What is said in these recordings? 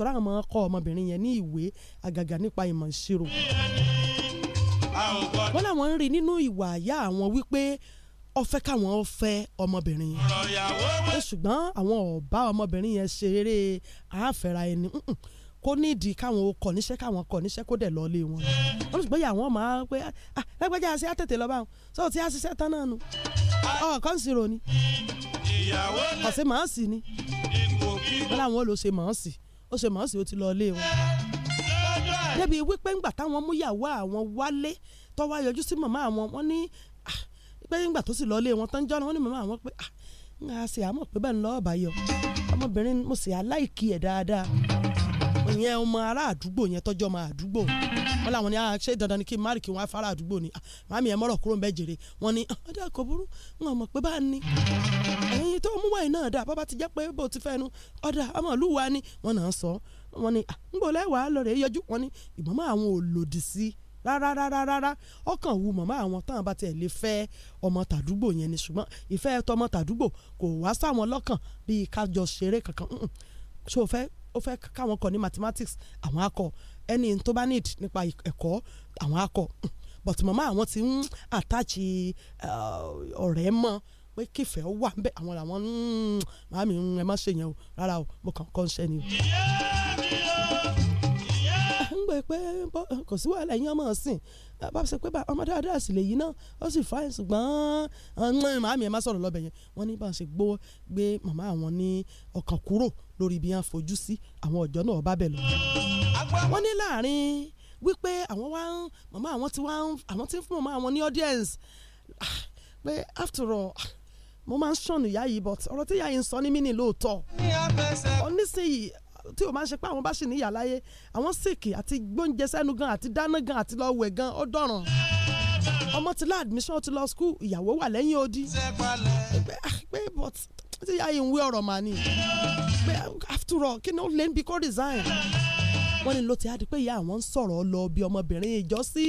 tọ́ra àwọn ọmọ kọ́ ọmọbìnrin yẹn ní ìwé àgàgà nípa ìmọ̀ ìṣirò. wọ́n láwọn ń rí nínú ìwà àyà àwọn wípé ọfẹ́ káwọn ọfẹ́ ọmọbìnrin yẹn ṣùgbọ́n àwọn ọba ọmọbìnrin yẹn ṣeré àáfẹ́ra ẹni kó nídìí káwọn ó kọ̀ níṣẹ́ káwọn kọ̀ níṣẹ́ kó dẹ̀ lọ́ọ́lé wọn wọ́n ah, lọ sí pé àwọn máa pé lágbájá àṣẹ àtètè lọ́ba àwọn sọ́wọ́ tí a ṣiṣẹ́ tán náà nu ọ̀kan sì rò ní ọ̀sẹ̀ màá sì ni wọ́n láwọn ò màá sì ó ṣe mọ̀ ọ́n sì ó ti lọ ilé wọn. débi wípé ńgbà táwọn mú ìyàwó àwọn wálé tó wá yọjú sí màmá àwọn wọn ní ah, pé ńgbà tó sì lọ ilé wọn tán jọ́nà wọn ní màmá àwọn pé ah, ń ṣe àmọ̀ pé bẹ́ẹ̀ ń lọ́ọ́ báyọ̀ ọmọbìnrin mo sì aláìkí ẹ̀ dáadáa ìyẹn ọmọ ará àdúgbò yẹn tọ́jọ́ ọmọ àdúgbò wọn làwọn ní a ah, ṣe dandan ni kí mari kí wọn afárá àdúgbò ni ah, màmí ẹ mọ́rọ̀ kúrò ń bẹ́ jèrè wọn ni ah, ọdẹ kò burú wọn mọ̀ pé bá a ní ẹyin tó mú wáyé náà dà bàbá ti jẹ́ pé bó ti fẹ́ nu ọ̀dà ọmọ ìlú wa ni wọn náà sọ wọn ni ngbọ̀lẹ́ wàá lọ rẹ̀ yọjú wọn ni ìmọ̀mọ́ àwọn ò lòdì sí rárárárárá ọkàn wu màmá àwọn táwọn bá tiẹ̀ lè fẹ́ ọmọ tàdúgbò yẹn ni ṣùgbọ́n ìfẹ́ tọmọ tàdúgbò kò wá sáwọn lọ́kàn bíi kájọ ṣeré kankan ṣó fẹ́ ó fẹ́ káwọn kọ ní mathematics àwọn akọ ẹni tó bá need nípa ẹ̀kọ́ àwọn akọ but mama àwọn ti ń àtàchì eh, ọ̀rẹ́ mọ́ pé kífẹ́ ó wà níbẹ̀ àwọn làwọn màmí ẹ má ṣèyàn o rárá o mo kàn kọ́ ń ṣẹ́ ni o pé pé kò sí wàhálà ẹ̀yin ọmọ ọ̀sìn bá ṣe pé ọmọ dáadáa sì lè yí náà ó sì fáyìn ṣùgbọ́n màmí ẹ̀ má sọ̀rọ̀ lọ́bẹ̀ yẹn wọ́n ní bá ṣe gbó gbé màmá àwọn ní ọkàn kúrò lórí bí wọ́n fojú sí àwọn ọ̀jọ́ náà bá bẹ̀ lọ. wọ́n ní láàrin wípé àwọn wá ń màmá àwọn ti wá ń àwọn ti ń fún màmá àwọn ní audience ah, pé after all ah, mo máa ń ṣọ̀nù tí o máa ń ṣe pé àwọn bá sì níyà láyé àwọn sìkì àti gbóúnjẹ sẹ́nu gan àti dáná gan àti lọ wẹ̀ gan ó dọ̀ràn ọmọ ti lọ admission ti lọ school ìyàwó wà lẹ́yìn odi pé ah, but ti yá ìwé ọ̀rọ̀ mà ni pé after all kí ni ó lè ń bi kó resign wọ́n ní ló ti á pé ìyá àwọn ń sọ̀rọ̀ lọ bí ọmọbìnrin ìjọ sí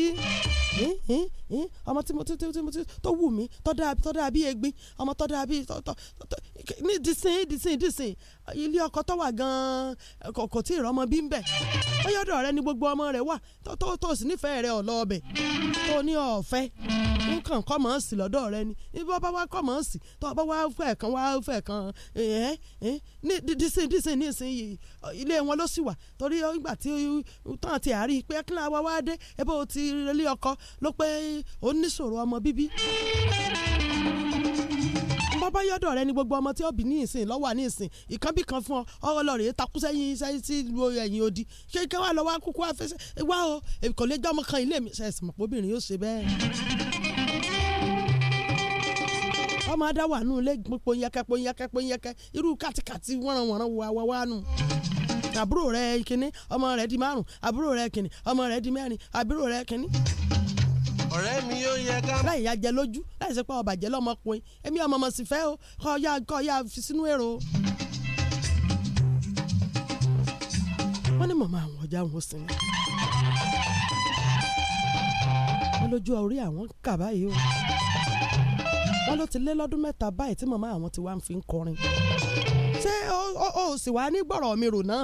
ọmọ tí mo tí mo tí tó wù mí tó dáa bí egbin ọmọ tó dáa bí ní dísìn dísìn dísìn ilé ọkọ tó wà gan-an kò tí ì rọmọ bí ń bẹ̀ bóyọ́dọ̀ rẹ ni gbogbo ọmọ rẹ wà tó tó tó sì nífẹ̀ẹ́ rẹ ọ̀lọ́ ọbẹ̀ tó ní ọ̀fẹ́ nǹkan kọ́mọ̀ọ́sì lọ́dọ̀ rẹ ni ibi ọba wa kọ́mọ̀ọ́sì tó ọba wa fẹ́ kan wa fẹ́ kan ẹ̀ẹ́ dísìn dísìn nísìnyìí ilé wọn ló sì wà torí ìgbà tí tán ti àárí pé kíláà wa wá dé ẹ bó ti ilé ọkọ ló pé ó níṣòro ọmọ bíbí bọ́ bá yọ́dọ̀ rẹ ni gbogbo ọmọ tí ó ní ìsìn lọ́wọ́ ní ìsìn ìkànnbí kan fún ọ ọ̀rọ̀ takú sẹ́yìn sẹ́yìn sí ẹ̀yìn odi ṣé kí lọ wá kúkú afẹ́sẹ́ wá o kò lè jọmọ kan ilé mi ṣẹ̀sìn mọ̀ obìnrin yóò ṣe bẹ́ẹ̀. ọmọ adáwà nù lé ponyẹkẹ ponyẹkẹ ponyẹkẹ irú kàtìkàtì wọ́nranwọ̀nran wà wá nù àbúrò rẹ kìnní ọmọ rẹ di márùn àbúrò rẹ kìnní ọmọ rẹ di mẹ́rin àbúrò rẹ kìnní ọ̀rẹ́ mi yóò yẹ ká. láì ya jẹ lójú láì ṣe pé ọba jẹ lọmọkùnrin èmi ọmọ ọmọ sì fẹ́ o kọ́ ya kọ́ ya fi sínú èrò. wọ́n ní màmá àwọn ọjà wọn sinmi. wọ́n lójú orí àwọn kà báyìí o. wọ́n ló ti lé lọ́dún mẹ́ta báyìí tí màmá àwọn ti wá ń fi ń kọrin. ṣé o sì wá ní gbọ́rọ̀ mi rò náà?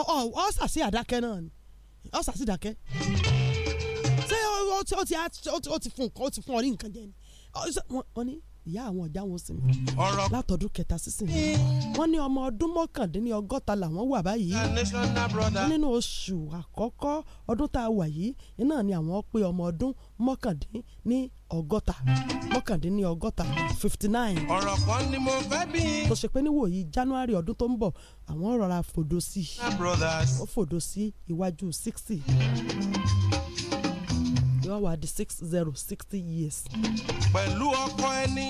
ọ ọ ọ sàṣì àdákẹ́ náà ni ọ sàṣì dákẹ́ ó ti fún nǹkan ó ti fún ọ ní nǹkan jẹ ni wọ́n ní ìyá àwọn ọ̀já wọn sì mí látọ̀dún kẹta sísìn eh. wọ́n ní ọmọ ọdún mọ́kàndínlọ́gọ́ta làwọn wà báyìí nínú oṣù àkọ́kọ́ ọdún tá a wà yìí iná ni àwọn pé ọmọ ọdún mọ́kàndínlọ́gọ́ta mọ́kàndínlọ́gọ́ta fifty nine. ọ̀rọ̀ kan ni mo fẹ́ bí. tó ṣe pé níwòyí january ọdún tó ń bọ̀ àwọn rọra fòdó sí i ó fòdó sí iwájú sixty yóò wá di six zero sixty years. pẹ̀lú ọkọ ẹni.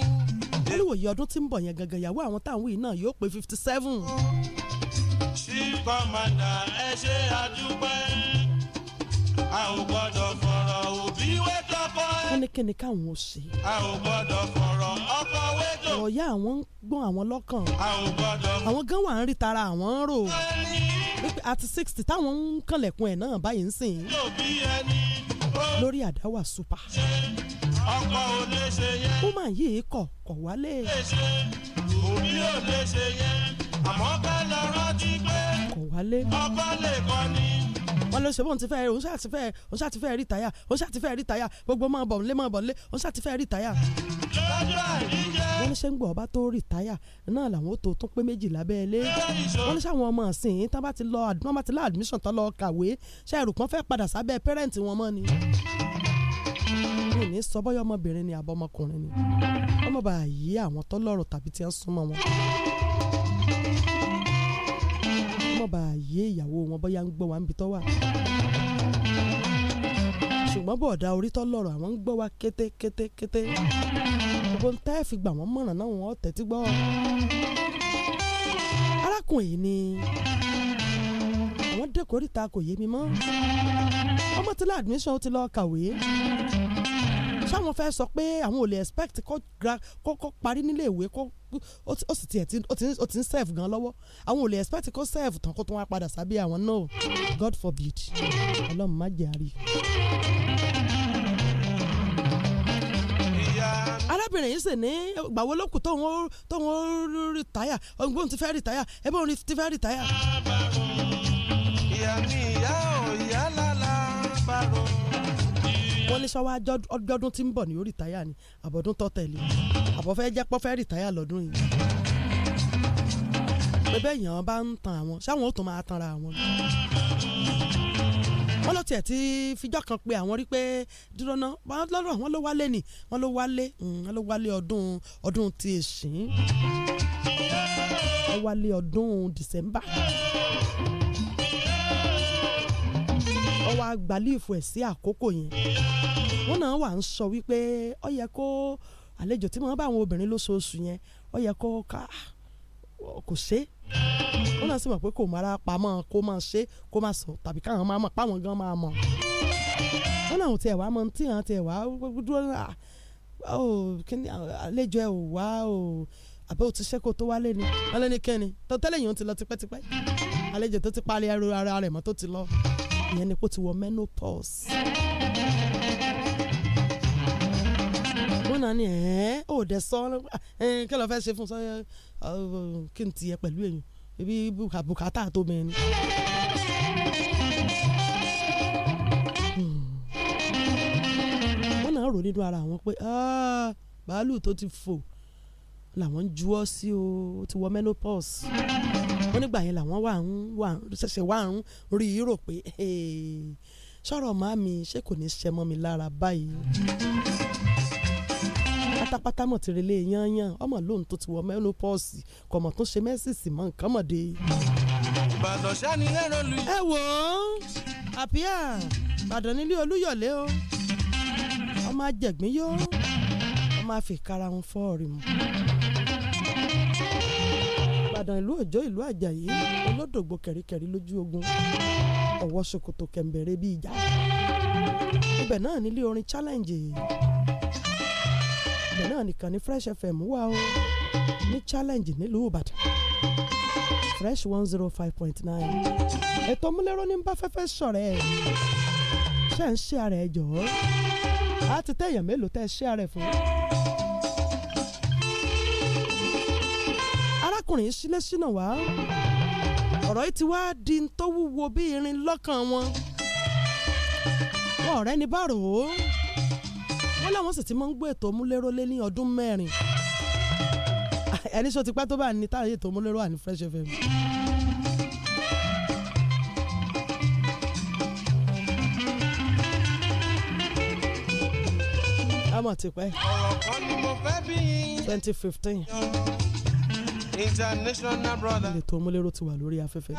wọ́n ní wòye ọdún tí ń bọ̀ yẹn gangan ìyàwó àwọn táwọn yìí náà yóò pé fifty seven. chief commander ẹ ṣe àdúpẹ́ a ò gbọ́dọ̀ fọ̀rọ̀ òbí wẹ́ ẹ. wọ́n ní kíni káwọn ò ṣe. a ò gbọ́dọ̀ fọ̀rọ̀ ọkọ wẹ́ ọ̀rọ̀ ya àwọn ń gbọ́n àwọn lọ́kàn. a ò gbọ́dọ̀. àwọn gan wà ń rí tara àwọn ń rò. àti sixty táwọn ń kànlẹ̀kùn ẹ̀ náà báyìí ń sìn. yóò bí ẹni lórí àdáwà super. ọkọ ò lè ṣe yẹn. ó mà yí kọ̀ kọ̀ wálé. òbí ò lè ṣe yẹn àmọ́ ká lọ rántí pé. kọ̀ wálé. ọkọ lè kọ́ ni wọn ló ṣe bóun ti fẹ́ òun ṣáà ti fẹ́ òun ṣáà ti fẹ́ rí táyà òun ṣáà ti fẹ́ rí táyà gbogbo máa bọ̀ nílé máa bọ̀ nílé òun ṣáà ti fẹ́ rí táyà. wọ́n ní ṣe ń gbọ́ ọba tó rí táyà náà làwọn ó tó tún pé méjì lábẹ́ ilé wọ́n ní sáwọn ọmọ ọ̀sìn tán bá ti lọ wọ́n bá ti lọ admission tán lọ kàwé ṣe ẹ̀rù fẹ́ padà sábẹ́ pẹ́rẹ́ǹtì wọn mọ́ ni. ní sọ bọ́yọ́ ọmọbìnrin ni àbọ̀mọkùnrin ni ọmọ kọ́ bá yé ìyàwó wọn bóyá ń gbọ́ wa ń bi tọ́ wà. ṣùgbọ́n bọ̀dá orí tọ́ lọ́rọ̀ àwọn ń gbọ́ wa kété kété kété. gbogbo ń táyà fi gbà wọ́n mọ̀ràn náà wọ́n tẹ́tí gbọ́. arákùnrin yìí ni àwọn dẹ́kun oríta kò yé mi mọ́ ọmọ tí lọ admission ó ti lọ kàwé ṣáwọn fẹ́ sọ pé àwọn ò lè expect kó parí nílé ìwé kó ó sì tiẹ̀ ó ti ń serve gan lọ́wọ́ àwọn ò lè expect kó serve tán kó tó wá padà sábẹ́ àwọn náà God forbid ọlọ́run má jẹ́ àárí. arábìnrin yìí sì ní gbàwó lókù tóun ó rìtáyà ọgbọ́n ti fẹ́ rìtáyà ẹgbẹ́ òun ti fẹ́ rìtáyà. ìyá mi ìyá wọ́n ní sọ́wọ́ ọdún tí ń bọ̀ ní ó rìtáyà ni àbọ̀dún tó tẹ̀lé àbọ̀fẹ́ jẹ́ pọ́fẹ́ rìtáyà lọ́dún yìí pé bẹ́ẹ̀ yàn bá ń tan àwọn sáwọn ó tún máa tanra àwọn wọ́n ló tiẹ̀ ti fijọ́ kan pé àwọn rí pé dúró ná lọ́dọ̀ àwọn ló wálé ni wọ́n ló wálé mm, wọ́n ló wálé ọdún ọdún ti èsìn wọ́n wálé ọdún December wọ́n wá gbalífù ẹ̀ sí àkókò yẹn wọ́n náà wà ń sọ wípé ó yẹ kó àlejò tí wọ́n bá àwọn obìnrin lóṣooṣù yẹn ó yẹ kó ká kò ṣe wọ́n náà sì mọ̀ pé kò mara pamọ́ kó máa ṣe kó máa sọ tàbí káwọn máa mọ̀ páwọn gan máa mọ̀ wọ́n náà tiẹ̀ wá mọ tí wọ́n tiẹ̀ wá dúró ah, àlejò ẹ̀ ò wá o àbẹ́ òtíṣẹ́ kó tó wálé ni wálé ni kẹ́ni tọ́tẹ́lẹ̀ yìí ó ti lọ tipẹ́tipẹ́ àlejò tó ti palẹ̀ ẹrù ara rẹ̀ mọ́ tó ti lọ ìyẹn ni kó ti wọ menopause. wọ́n náà ní ẹ̀ẹ́n ò sọ kí ló fẹ́ ṣe fún sọ kí n ti yẹ pẹ̀lú èyàn ibi bùkátà tó bẹ́ẹ̀ wọ́n náà rò nínú ara àwọn pé bàálù tó ti fò làwọn ń juwọ́ sí o ti wọ menopause wọ́n nígbà yẹn làwọn wà ń wà ṣẹ̀ṣẹ̀ wà ń rí i rò pé sọ̀rọ̀ màmí ṣé kò ní ṣe mi lára báyìí pátápátá mọ̀ tìrẹ̀lẹ̀ yányán ọmọ lóun tó ti wọ mẹ́lópọ́ọ̀sì kọ̀mọ̀ tó ṣe mẹ́sìsì mọ́ nǹkan mọ̀dé. ìbàdàn sani lẹ́rọ lu. ẹ wò ó àpíà ìbàdàn nílé olúyọ̀lé o ọmọ ajẹ̀gbín yó ọmọ àfikàrà ń fọ́ọ̀rì mu ìbàdàn ìlú òjò ìlú àjàyí olódògbò kẹ̀ríkẹ̀rí lójú ogun ọ̀wọ́ ṣòkòtò kẹ̀m̀bẹ̀rẹ̀ bíi ìjà ibẹ̀ náà nílé orin challenge ibẹ̀ náà nìkan ní fresh fm wà ó ní challenge nílùú ìbàdàn fresh one zero five point nine ètò múlẹ́rọ́ ní bá fẹ́fẹ́ sọ̀rẹ́ ẹ̀ ṣe ń ṣe ara ẹ̀ jọ̀ọ́ á ti tẹ̀yàn mélòó tẹ́ ṣe ara ẹ̀ fún. arákùnrin sílé sínà wá ọ̀rọ̀ yìí ti wá di tó wúwo bí irin lọ́kàn wọn ọ̀rẹ́ ni bá ó wọn làwọn sì ti máa ń gbé ètò múlẹ́rọ́ lé ní ọdún mẹ́rin ẹni sọ tipẹ́ tó bá ní táyé ètò múlẹ́rọ́ wà Fresh FM. àmọ́ tipẹ́ twenty fifteen international brother. ìletò omúlérò ti wà lórí afẹ́fẹ́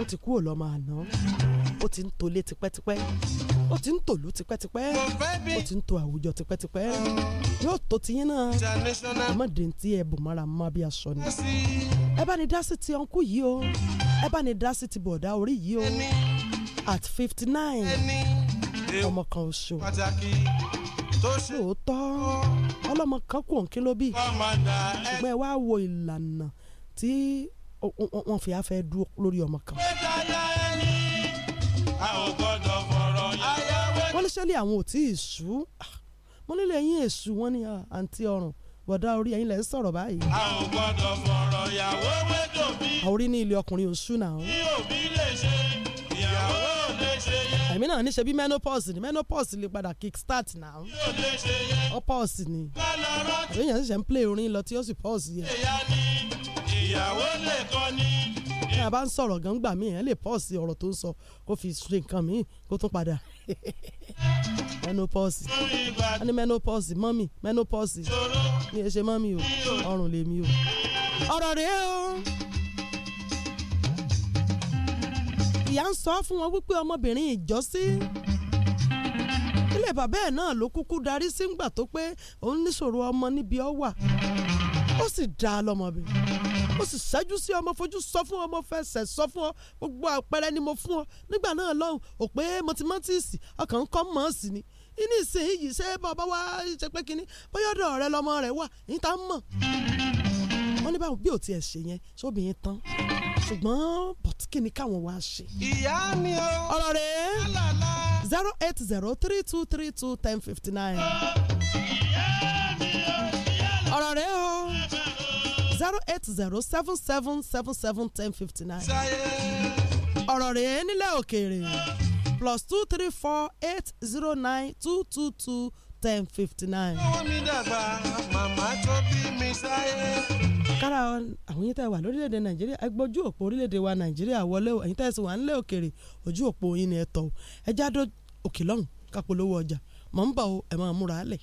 ó ti kúrò lọ́mọ àná ó ti ń tolé tipẹ́tipẹ́ ó ti ń tòlú tipẹ́tipẹ́ ó ti ń to àwùjọ tipẹ́tipẹ́ yóò tó tiyín náà ọmọdé tí ẹ bò mára má bí aṣọ ni ẹ bá ní dá sí ti ọ̀nkú yìí o ẹ bá ní dá ti bọ̀dá orí yìí o at fifty nine ọmọ kan oṣù lóòótọ́ ọlọ́mọ kan kò ń kí ló bí ṣùgbọ́n ẹ wá wo ìlànà tí wọ́n fi afẹ́ dúró lórí ọmọ kan. wọ́n ní sẹ́lẹ̀ àwọn ò tí ì sú ah, mo nílé ẹ̀yìn èṣù wọn ni àǹtí ọ̀run bọ̀dá orí ẹ̀yìn lẹ̀ ń sọ̀rọ̀ báyìí. a ò gbọ́dọ̀ fọ̀rọ̀ ìyàwó wẹ́dọ̀ bí. àwòrí ní ilé ọkùnrin oṣù náà. bí òbí lè ṣe èmi náà níṣẹ́ bí menopause ni menopause lè padà kick start náà ó pause ni èèyàn ṣẹ̀ṣẹ̀ ń play orin lọ tí ó sì pause yẹ. ìyàwó lè kọ́ ni. bí a bá ń sọ̀rọ̀ gan gbà ẹ̀ lè pause ọ̀rọ̀ tó ń sọ kó fi ṣe nǹkan míì kó tún padà menopause a ní menopause mọ́mì menopause ní ẹ ṣe mọ́mì o ọrùn lèmi o ọ̀rọ̀ rèé o. ìyá ń sọ fún wọn wípé ọmọbìnrin ìjọ́sí ilé bàbá ẹ̀ náà ló kúkú darí sí ngbà tó pé òun níṣòro ọmọ níbi ọ wà ó sì dá a lọ́mọbìnrin ó sì ṣẹ́jú sí ọmọ fojú sọ fún ọmọ fẹsẹ̀ sọ fún ọ gbogbo àpẹẹrẹ ni mo fún ọ nígbà náà lọ́hùn ò pé mọtímọ́tìsì ọkàn ń kọ́ mọ́ ọ sí ni ní ìsinyìí ṣé bàbá wa ṣe pé kínní bóyá ọ̀dọ̀ rẹ lọmọ rẹ wà ní tá ń mọ̀ wọ́n ní báwo bí ò tiẹ̀ ṣe yẹn sóbìnrin tán ṣùgbọ́n bọ̀tí kìíní káwọn wá ṣe. ìyá ni o. ọ̀rọ̀ zero eight zero three two three two ten fifty nine. ọ̀rọ̀ rẹ̀ o zero eight zero seven seven seven seven ten fifty nine. ọ̀rọ̀ rẹ̀ nílẹ̀ òkèèrè plus two three four eight zero nine two two two ten fifty nine. ọwọ́ mi dàgbà màmá tó bí mi sáyé kára àwọn yín tẹ́ wà lórílẹ̀‐èdè nàìjíríà ẹ gbójú òpó orílẹ̀‐èdè wa nàìjíríà wọlé o ẹ̀yin tẹ́ sì wà nílẹ̀ òkèrè ojú òpó yín ni ẹ tọ̀ ẹ jáde òkè lọ́hùn kápolówó ọjà mọ̀ ń bọ̀ ẹ máa múra lẹ̀.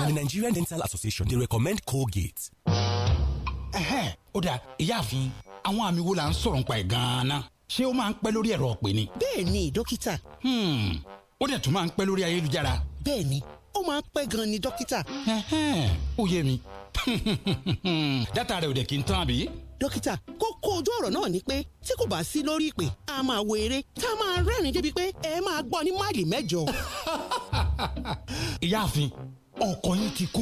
Now, the Nigerian Dental Association, they recommend Colgate. Ẹ̀hẹ́n, ó dà ìyáàfin, àwọn àmì wo la ń sọ̀rọ̀ nípa ẹ̀ gan-an? Ṣé ó máa ń pẹ́ lórí ẹ̀rọ ọ̀pẹ ni? Bẹ́ẹ̀ni, dókítà. Hmm, ó dẹ̀ tún máa ń pẹ́ lórí ayélujára. Bẹ́ẹ̀ni, ó máa ń pẹ́ gan-an ni dókítà. Ẹ̀hẹ́n, ó yé mi. Dátà rẹ̀ ò dẹ̀ kí n tán àbí? dókítà kókó ojú ọ̀rọ̀ náà ni pé tí kò bá sí lórí ìpè a máa wo eré tá a máa rẹ́rìn-ín débi pé ẹ máa gbọ́ ní máìlì mẹ́jọ. ìyáàfin ọkàn yín ti kó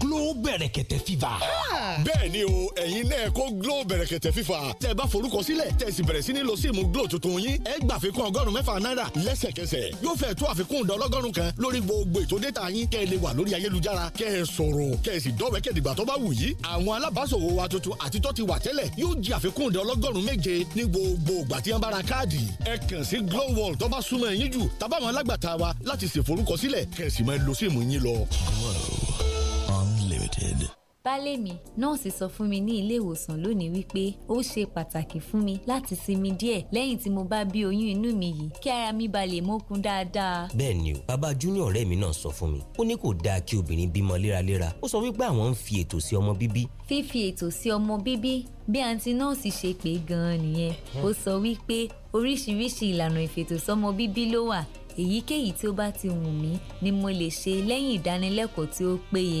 Glow bẹ̀rẹ̀kẹ̀tẹ̀ fever. Ah. bẹ́ẹ̀ni o ẹ̀yin náà kó Glow bẹ̀rẹ̀kẹ̀tẹ̀ fever. tẹ́ bá forúkọ sílẹ̀ tẹ́ sì bẹ̀rẹ̀ sí ní lo síìmù Glow tuntun yín ẹ gbà àfikún ọgọ́rùn mẹ́fà náírà lẹ́sẹ̀kẹsẹ̀ yóò fẹ́ tó àfikún ìdá ọlọ́gọ́rùn kan lórí gbogbo ètò déta yín kẹ́ ẹ lè wà lórí ayélujára kẹ́ ẹ sọ̀rọ̀ kẹ́ ẹ sì dọ́wẹ́kẹ̀ dìgbà tó bá wù yí. àwọn alábàáṣòwò wa tuntun àti tó ti wà tẹ́lẹ̀ yóò jẹ àfikún ìdá ọlọ́gọ́rùn méje ní gbogbo ìgbà tí wọ́n bá ra káàdì. ẹ kàn sí Glow World tó bá súnmọ́ ẹ̀yìn jù tàbáwọn Glow Unlimited. Baálé mi, nọ́ọ̀sì sọ fún mi ní ilé ìwòsàn lónìí wípé ó ṣe pàtàkì fún mi láti sinmi díẹ̀ lẹ́yìn tí mo bá bí oyún inú mi yìí kí ara mi ba lè mókun dáadáa. Bẹ́ẹ̀ni o, bàbá Júnior ọ̀rẹ́ mi náà sọ fún mi, ó ní kò dáa kí obìnrin bímọ léraléra, ó sọ wípé àwọn ń fi ètò sí ọmọ bíbí. Fífi ètò sí ọmọ bíbí bí àǹtí nọ́ọ̀sì ṣe pé gan-an nìyẹn, ó sọ wípé oríṣiríṣi ìlànà ìfètòsọ́mọ bíbí ló wà èyíkéyìí tí ó bá ti wù mí ni mo lè ṣe lẹ́yìn ìdánilẹ́kọ̀ọ́ tí ó péye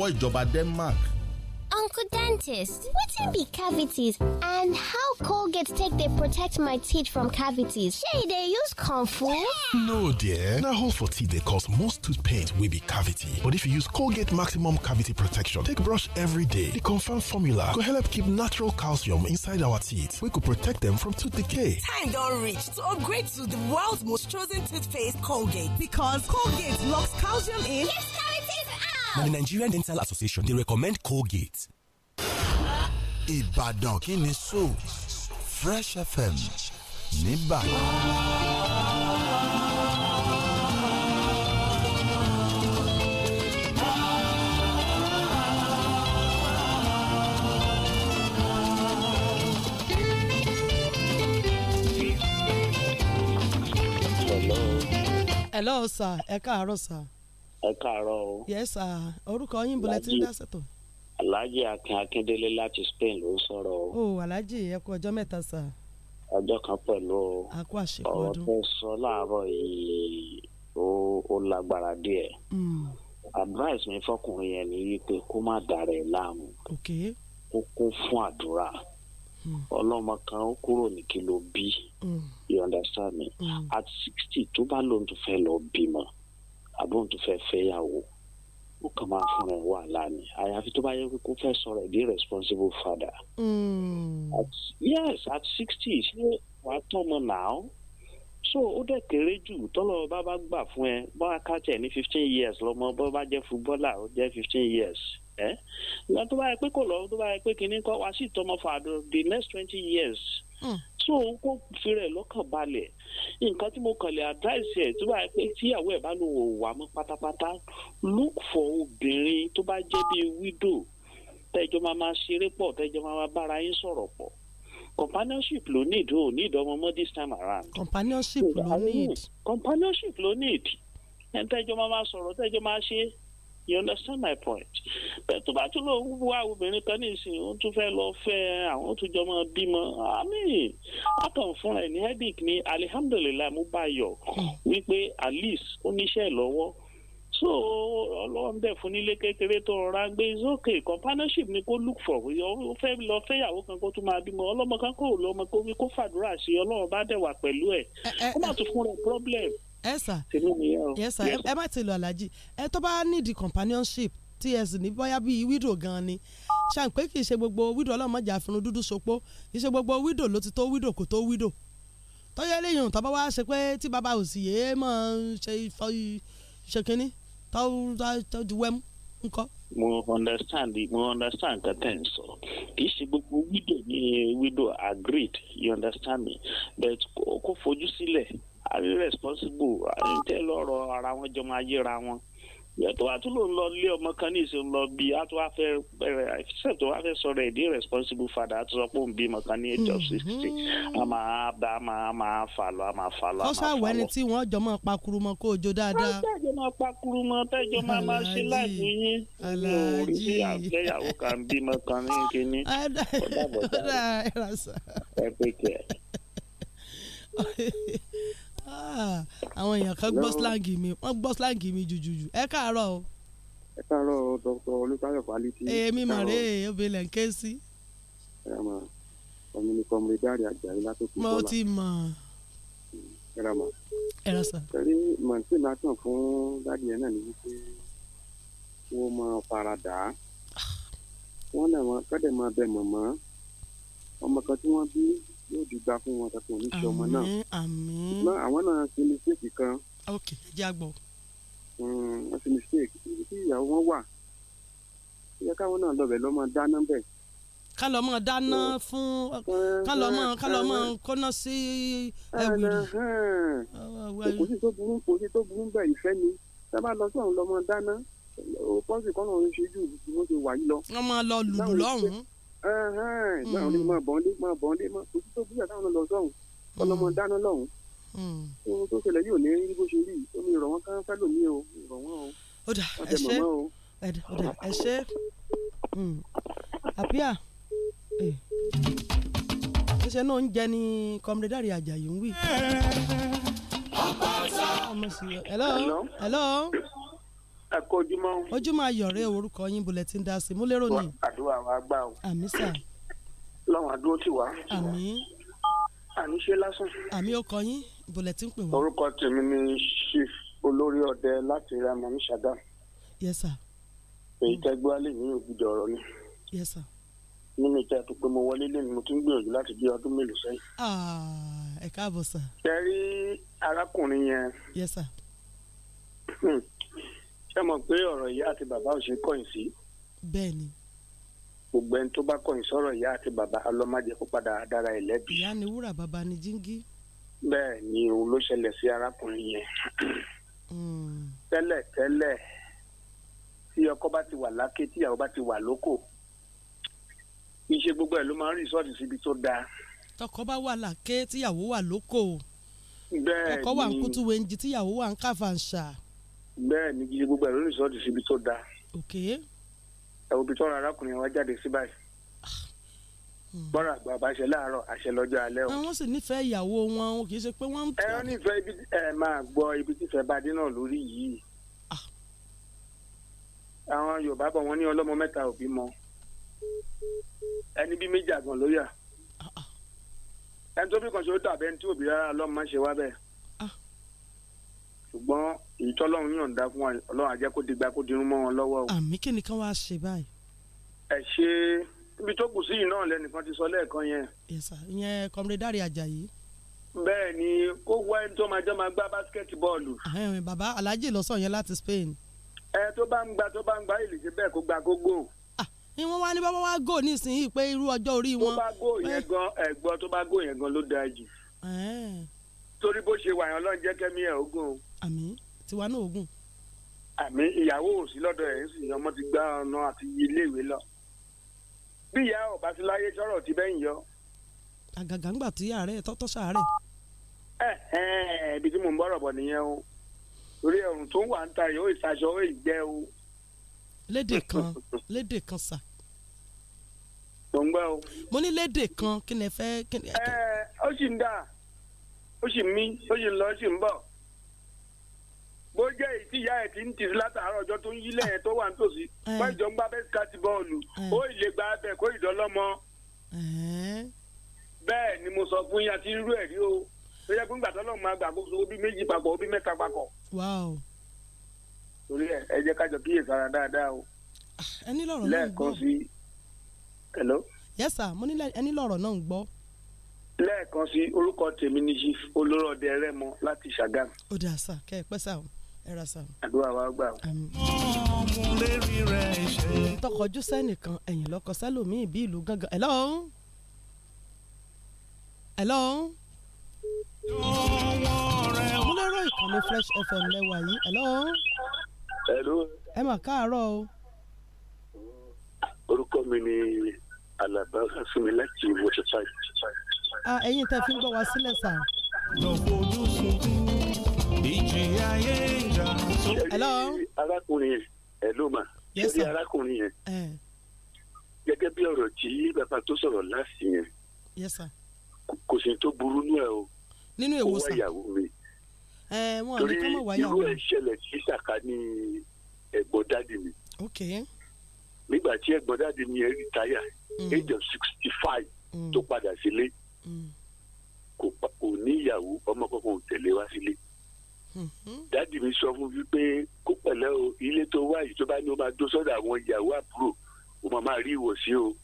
lọ́wọ́ ìjọba Denmark. uncle dentist wetin be cavities and how colgate take dey protect my teeth from cavities Say e dey use comfort? no dear na hole for teeth dey cause most tooth pain wey be cavity but if you use colgate maximum cavity protection take brush every day the confirm formula go help keep natural calcium inside our teeth wey go protect them from tooth decay time don reach to upgrade to the world's most chosen toothpaste colgate because colgate locks calcium in yes cavities now, the Nigerian Dental Association, they recommend Colgate. Ibadan Kini so Fresh FM Nibadan. Hello, sir. Ẹ káàárọ̀, sir. ẹ káàárọ̀ o. yes sir orúkọ yín bọ̀lẹ̀ tí ń dá sẹ́tọ̀. alhaji akin akindele láti spain ló ń sọ̀rọ̀ o. o alhaji ẹ kú ọjọ́ mẹ́ta sà. ọjọ́ kan pẹ̀lú ọ̀rọ̀ tó ń sọ láàárọ̀ yìí ó lágbára díẹ̀. Hmm. advice mi fọkùnrin yẹn ni wípé kó má dàrẹ láàmú. kó kún fún àdúrà hmm. ọlọ́mọ kan ó kúrò ní kí ló bí hmm. you understand me at sixty tó bá lóun tó fẹ́ lọ bímọ a b'o fẹ́ fẹ́ yà wò ó kàn máa fúnra ẹ̀ wà lánìí àyàfi tó bá yẹ kó fẹ́ sọ̀rọ̀ ẹ̀ responsible father. Hmm. yes at sixty ṣé wàá tọ́mọ náà so ó dẹ̀ kéré jù tọ́lọ́ bá bá gbà fún ẹ bá kájẹ̀ ní fifteen years lọ́mọ bá bá jẹ́ footballer ó jẹ́ fifteen years ẹ́ eh? ìgbà tó bá pé kò lọ tó bá pé kinní kọ́ wá sí tọmọ for the next twenty years Hmm. so o kò fìrẹ̀ lọ́kàn balẹ̀ nǹkan tí mo kàn lè advice ẹ̀ tó bá yẹ pé tíyàwó ẹ̀ bá lò wò wá mọ́ pátápátá look for obìnrin tó bá jẹ́ bíi widow tẹ́jọ máa máa ṣeré pọ̀ tẹ́jọ máa máa bára yín sọ̀rọ̀ pọ̀ companionship ló need o need ọmọ ọmọ this time around. companionship ló need. companionship ló need. ẹni tẹ́jọ máa máa sọ̀rọ̀ tẹ́jọ máa ṣe you understand my point bẹ́ẹ̀ tó bá tún lọ wá obìnrin kan nísìn ó tún fẹ́ lọ fẹ́ àwọn tó jọmọ bímọ àmín àtàn fúnra ẹ̀ ní headache ni alihamdulilayi mo bá yọ wípé at least ó níṣẹ́ lọ́wọ́ so ọlọ́run dẹ̀ fún nílé kékeré tó rọra gbé is okay companionship ni kó look for ó fẹ́ lọ fẹ́yàwó kan kó tún máa bímọ ọlọ́mọ kan kó lọ́mọ kó wí kó fàdúrà sí ọlọ́run bá dẹ̀ wà pẹ̀lú ẹ̀ ó má tún fún rẹ̀ problem ẹ sà ẹ sà ẹ má ti lọ alájí ẹ tó bá nídìí companionship ts ní bóyá bíi widow gan ni ṣàǹpé kì í ṣe gbogbo widow ọlọ́mọdé àfinú dúdú sopó kì í ṣe gbogbo widow ló ti tó widow kò tó widow tọ́yẹ́ lẹ́yìn òun tọ́ba wá ṣe pé tí bàbá ò sì yéé mọ̀ ṣe ìfọ ṣe kínní tọ́ ju wẹ́mú ńkọ́. mo understand mo understand nǹkan tẹ́ ń sọ kì í ṣe gbogbo widow ni widow agreed you understand me but kò fojú sílẹ̀ irresponsible àyíntẹ́ ah. lọ́rọ̀ ara wọn jọ máa yíra wọn yàtọ̀ àtúlò ń lọ ilé ọmọ kan ní ìsìn lọ bí a tó wá fẹ́ bẹ̀rẹ̀ eh, ṣe tó wá fẹ́ sọ̀rọ̀ èdè responsible father a ti sọ pé òun bímọ kan ní age of sixty mm-hmm. a máa bá a máa máa fà lọ a máa fà lọ a máa fà lọ. kọ́sà wẹ́ni tí wọ́n jọ máa pakuru mọ́ kó o jó dáadáa. wọ́n jọ máa pakuru mọ́ tẹ́jọ́ máa máa ṣe láìpẹ́ yín. aláàjì ní àgbẹ̀yàwó kan bímọ kan ní kínní. ọ̀dà ẹ̀rọ sà. ẹ Ah, àwọn èèyàn kan gbọ́ slangi mi wọ́n gbọ́ slangi mi jùjùjù ẹ káàárọ̀ o. ẹ káàárọ̀ dr olùtayọ̀ falẹ́tì. èmi mọ̀ rè é obìnrin ké sí. ẹ mọ ọmọ mi kọ́ mi dárí àjàyí látòkè bọ́lá. mo ti mọ. ẹ rà mọ. ẹ rà sàn. torí màǹtí máa tàn fún dádì ẹ náà ní wípé wọ́n máa faradà ah. wọ́n náà kọ́dẹ̀ máa bẹ mọ̀mọ́ ọmọ kan tí wọ́n bí yóò dìgbà fún wọn kankan ní ti ọmọ náà àmín náà àwọn náà ṣe mistake kan. ok ẹ jẹ́ àgbọ̀. Hmm, wọ́n ṣe mistake ibi tí ìyàwó wọn wà ó yẹ káwọn náà lọ́bẹ̀ lọ́mọ dáná bẹ̀. ká lọ mọ dáná hmm. fún hmm, ká lọ mọ ká lọ sí ẹwìrì. kò sí tó burú kò sí tó burú bẹ́ẹ̀ ìfẹ́ ni sábà lọ sọ̀rọ̀ lọ́mọ dáná pọ́sì kọ́nà òun ṣe jù bó ṣe wà yìí lọ. wọ́n máa lọ lùlù lọ́hùn-ún gbàrún ní hmm. máa bọ̀ǹdé máa bọ̀ǹdé máa kò sí tó bí àtàwọn lọ sọ́hùn ọlọ́mọ hmm. dáná lọ́hùn hmm. ohun tó ṣẹlẹ̀ yóò ní bó ṣe rí omi ìrọ̀ wọn káńsá lòmí o ìrọ̀ o ó dà ẹ ṣé ó dà ẹ ṣé àbíà ṣe náà ń jẹ ní kọmídédárì Àjàyí ń wí. hello hello ẹ kó ojúmọ́. ojúmọ́ ayọ̀rẹ́ orúkọ yín bulẹ̀ da sí mú lérò ni. àdúrà wa gbà o. àmì sà. lọ́wọ́n adúró ti wá. àmì. àmì ṣe lásán. àmì ọkọ yín bulẹ̀ ti ń pè wọ́n. orúkọ tèmi ni chief olórí ọdẹ láti Rẹ́mọ ní Ṣàgámù. yes sir. èyí tẹ́gbọ́ alẹ́ mi ò gbìdọ̀ ọ̀rọ̀ ni. yes sir nínú ìta tó pé mo wọlé lẹ́nu mo ti ń gbìyànjú láti bí ọdún mélòó sẹ́yìn. Ah, ẹ káàbọ̀ sà. ṣe arákùnrin yẹn. yes sir ṣé mọ̀ pé ọ̀rọ̀ ìyá àti bàbá ò ṣe kọ̀yìn sí. bẹ́ẹ̀ni. gbogbo ẹni tó bá kọ̀yìn sọ̀rọ̀ ìyá àti bàbá ọlọ́mọdé kó padà dára ẹ̀ lẹ́bi. ìyá ni wúrà bàbá ni jíngí. bẹ́ẹ̀ ni òun ló ṣẹlẹ̀ sí arákùnrin yẹn. Hmm. tẹ́lẹ̀ tẹ́lẹ̀ tí ọkọ bá ti wà lákè tíyàwó bá ti wà lóko kì gbogbo ẹ̀ ló máa ń rìsọ́ọ̀tì síbi tó dáa. tọkọ bá wà lákè tíyàwó wà lóko. bẹ́ẹ̀ ọkọ wà ń kútu wenji tíyàwó wà ń káfà ń ṣà bẹ́ẹ̀ ni jíjí gbogbo ẹ̀ ló rìsọ́ọ̀tì síbi tó dáa ẹ wo ibi tọ́rọ arákùnrin wa jáde sí báyìí ah, hmm. bọ́rọ̀ àgbà bá ṣe láàárọ̀ àṣẹ lọ́jọ́ alẹ́ o. Ah, wọ́n sì nífẹ̀ẹ́ ìyàwó wọn kì í ṣe pé wọ́n ń tẹ̀. ẹ nífẹ̀ẹ́ ibi ẹ máa gbọ́ ibi tí ìfẹ́ bá dé náà lórí yìí. Ah. àwọn Yorùbá bọ̀ wọ́n ní ọlọ́mọ mẹ́ta ò bímọ ẹni bí méjì àgàn ló yà ẹni tó bí kan ṣe ó dàbẹ́ ẹni tí òbí rárá lọ́mọ má ṣe wá bẹ́ẹ̀ ṣùgbọ́n ìtọ́lọ́run yọ̀ǹda fún wa ọlọ́run àjẹ́ kó digba kó dirun mọ́ wọn lọ́wọ́ o. àmì kí nìkan wá ṣe báyìí. ẹ ṣe ibi tó kù sí yìí náà lẹ́nìkan ti sọ lẹ́ẹ̀kan yẹn. yẹsà ìyẹn kọmrẹ́dárì Àjàyí. bẹ́ẹ̀ ni kó wá ẹni tó máa jọ máa gbá báskẹ́tì bọ́ọ̀lù. bàbá Alhaji lọ yẹn láti Spain. ẹ tó bá ń gba tó bá ń gba ìlì ṣe bẹ́ẹ̀ kó gba kó ah, ni wọ́n wá ní bàbá wa gò nísìnyí pé irú ọjọ́ orí wọn. tó bá gò yẹn gan ẹ̀gbọ́n tó bá gò yẹn gan ló dáa jù. torí bó ṣe wà yẹn ọlọ́run jẹ́ kẹ́mi ẹ̀ ogun àmì tiwa náà ogun. àmì ìyàwó ò sí lọ́dọ̀ ẹ̀ sì ọmọ ti gbá ọ̀nà àti iléèwé lọ bí ìyá ọba ti láyé sọ̀rọ̀ ti bẹ́yìn yọ. àgàgà ńgbà tí àárẹ̀ tọ́tọ́ sàárẹ̀. ẹ ẹ ibi tí mò ń bọ̀rọ̀ bọ̀ nìyẹn o torí ẹ̀rùn tó ń wà ń ta yóò ìsàṣọ ó ì jẹ́ o. lédè kan lédè kan sà mo ń gbọ́ o. mo ní léde kan kí ni ẹ fẹ́. ó sì ń dà ó sì mí ó sì ń lọ ó sì ń bọ̀ bó jẹ́ èyí tí ìyá ẹ̀ ti ń tì sí látàárọ̀ ọjọ́ tó ń yílẹ̀ ẹ̀ tó wà nítòsí wọ́n ìjọ ń gbá bẹ́ẹ̀ káàtì bọ́ọ̀lù ó ìlè gba abẹ kó ìdánlọ́mọ. bẹ́ẹ̀ ni mo sọ fún yín àti irú ẹ̀ o tó yẹ kó ń gbà tọ́lọ́ máa gbà kó obí méjì papọ̀ obí mẹ́ta papọ̀. torí ẹ ẹ jẹ́ kájọ kíyè sára dáadáa o. Ah, ẹni lọ̀rọ̀ náà ń hello. yes sir mo ní ẹni lọ̀rọ̀ náà ń gbọ́ lẹ́ẹ̀kan sí orúkọ tèmi ni chief olóró ọdẹ rẹ́mọ láti Ṣàgámù. ó dà sá kẹ́ ẹ pẹ́ sá o ẹ ra sa. àdúrà wa gbà. tọkọjú sẹ́nìkan ẹ̀yìn lọ́kọ sẹ́lòmíì bí ìlú gángan. hello. hello. mo lérò ìkànnì Fresh FM lẹ́wà yìí. hello. hello. ẹ mà káàárọ̀ o. orúkọ mi ni alaba sunmi láti wọ́ṣọ̀ sáyé. ẹ̀yin tẹ́ fi ń gbọ́ wá sílẹ̀ sá. lọ́kọ̀ọ́jú sunkún ìjì ayé hello. arákùnrin yẹn hello ma. yes sir arákùnrin yẹn. Eh. gẹ́gẹ́ bí ọ̀rọ̀ tí bàbá tó sọ̀rọ̀ láti yẹn. yes sir. kò sí tó burú nú ẹ o. nínú èwo sà. ó wá ìyàwó mi. ẹ eh, wọn àní kọ́ mọ̀ wáyà wọn. torí irú ẹ̀ ṣẹlẹ̀ sí sàkà ní ẹ̀gbọ́n dáàdì mi. ok. nígbà tí ẹ̀gbọ́n dáàdì mi yẹn rìtáyà mm. age of sixty five mm. tó padà sílé mm. kò ní ìyàwó ọmọ kankan ò tẹ̀lé wá sílé. Mm dáàdì mi sọ fún mi pé kó pẹ̀lẹ́ o ilé tó wá yìí tó bá ní o máa dó sọ́dọ̀ àwọn ìyàwó àbúrò o máa máa rí ìwòsí o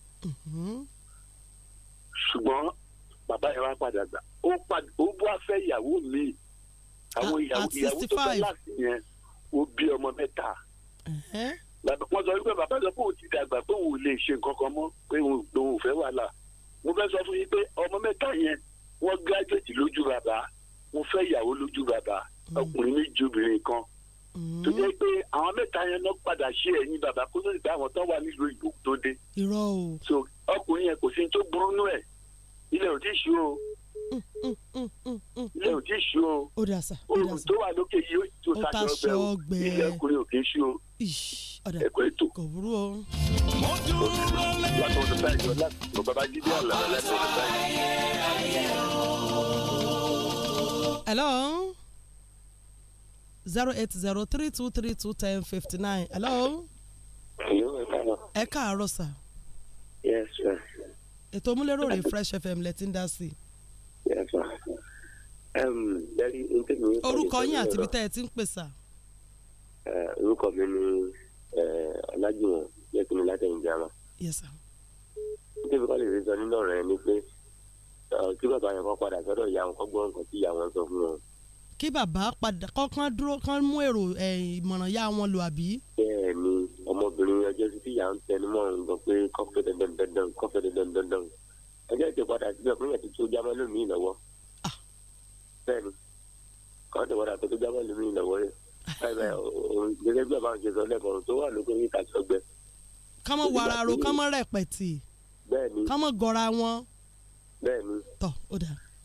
ṣùgbọ́n bàbá yẹn wá padà gbà ó padà ó bọ́ afẹ́ ìyàwó mi àwọn ìyàwó ìyàwó tó fẹ́ láti yẹn ó bí ọmọ mẹ́ta wọ́n sọ wípé bàbá sọ pé òun ti dàgbà pé òun ò lè ṣe nǹkan kan mọ́ pé òun ò fẹ́ wàhálà mo fẹ́ sọ fún yín pé ọmọ mẹ́ta yẹn wọ́n gírájúẹ̀tì Mm. ọkùnrin méjì obìnrin kan mm. tó jẹ́ pé àwọn mẹ́ta yẹn náà padà ṣe ẹ̀yìn bàbá kó tó dìgbà àwọn tó wà nílùú ìbò tó dé. so ọkùnrin yẹn kò sí tó burú nú ẹ̀ ilẹ̀ ò tí ì o. Mm, ilẹ̀ ò tí ì o. oòrùn tó wà lókè yìí ó ta sọ ọgbẹ́ ilẹ̀ ọkùnrin ò kì í ṣú o. ọ̀dà kò burú o. mo dúró lẹ́yìn. wàá tó ń sọ báyìí lọ bàbá jíde àlọ́ láti sọ báyìí. hello zero eight zero three two three two ten fifty nine hello. hello ẹ káàárọ̀. sà. yes sir. ètò múlẹ́rọ̀ rẹ̀ fresh fm lẹ́tí ń dá sí. yes sir. Um, orúkọ yín àti ibi tẹ́ ẹ ti ń pè sà. Uh, orúkọ mi ni uh, ọlájúwọ̀n yẹ́kùnmí látẹ̀yìn girama. yes sir. níbi kọ́ lè rí sọ nínú ọ̀rọ̀ ẹ ni pé uh, kí bàbá yẹn kọ́ padà sọ́dọ̀ ìyá wọn kọ́ gbọ́ nǹkan tí ìyá wọn sọ fún wọn kí bàbá padà kọ́kán dúró kán mú èrò ìmọ̀ràn ya wọn lò àbí. bẹ́ẹ̀ ni ọmọbìnrin ọjọ́ títí yà ń tẹnumọ́ nǹkan pé kọ́fẹ́ dandan dandan kọ́fẹ́ dandan dandan ẹjọ́ ìtẹ̀ padà síbẹ̀ fún ìyàtí tó jábọ́ lómi ìnáwó. Ah. bẹ́ẹ̀ ni kọ́ńtà padà tó tó jábọ́ lómi ìnáwó rẹ̀ gẹ́gẹ́ bí bàbá ṣe sọ lẹ́kọ̀ọ́ tó wà lókè ní ìtàsọ́gbẹ́. kámọ́ wàrà ro kámọ́ rẹpẹtì. bẹ́ẹ̀ ni kámọ́ gọra wọn. bẹ́ẹ̀ ni. tọ́ ó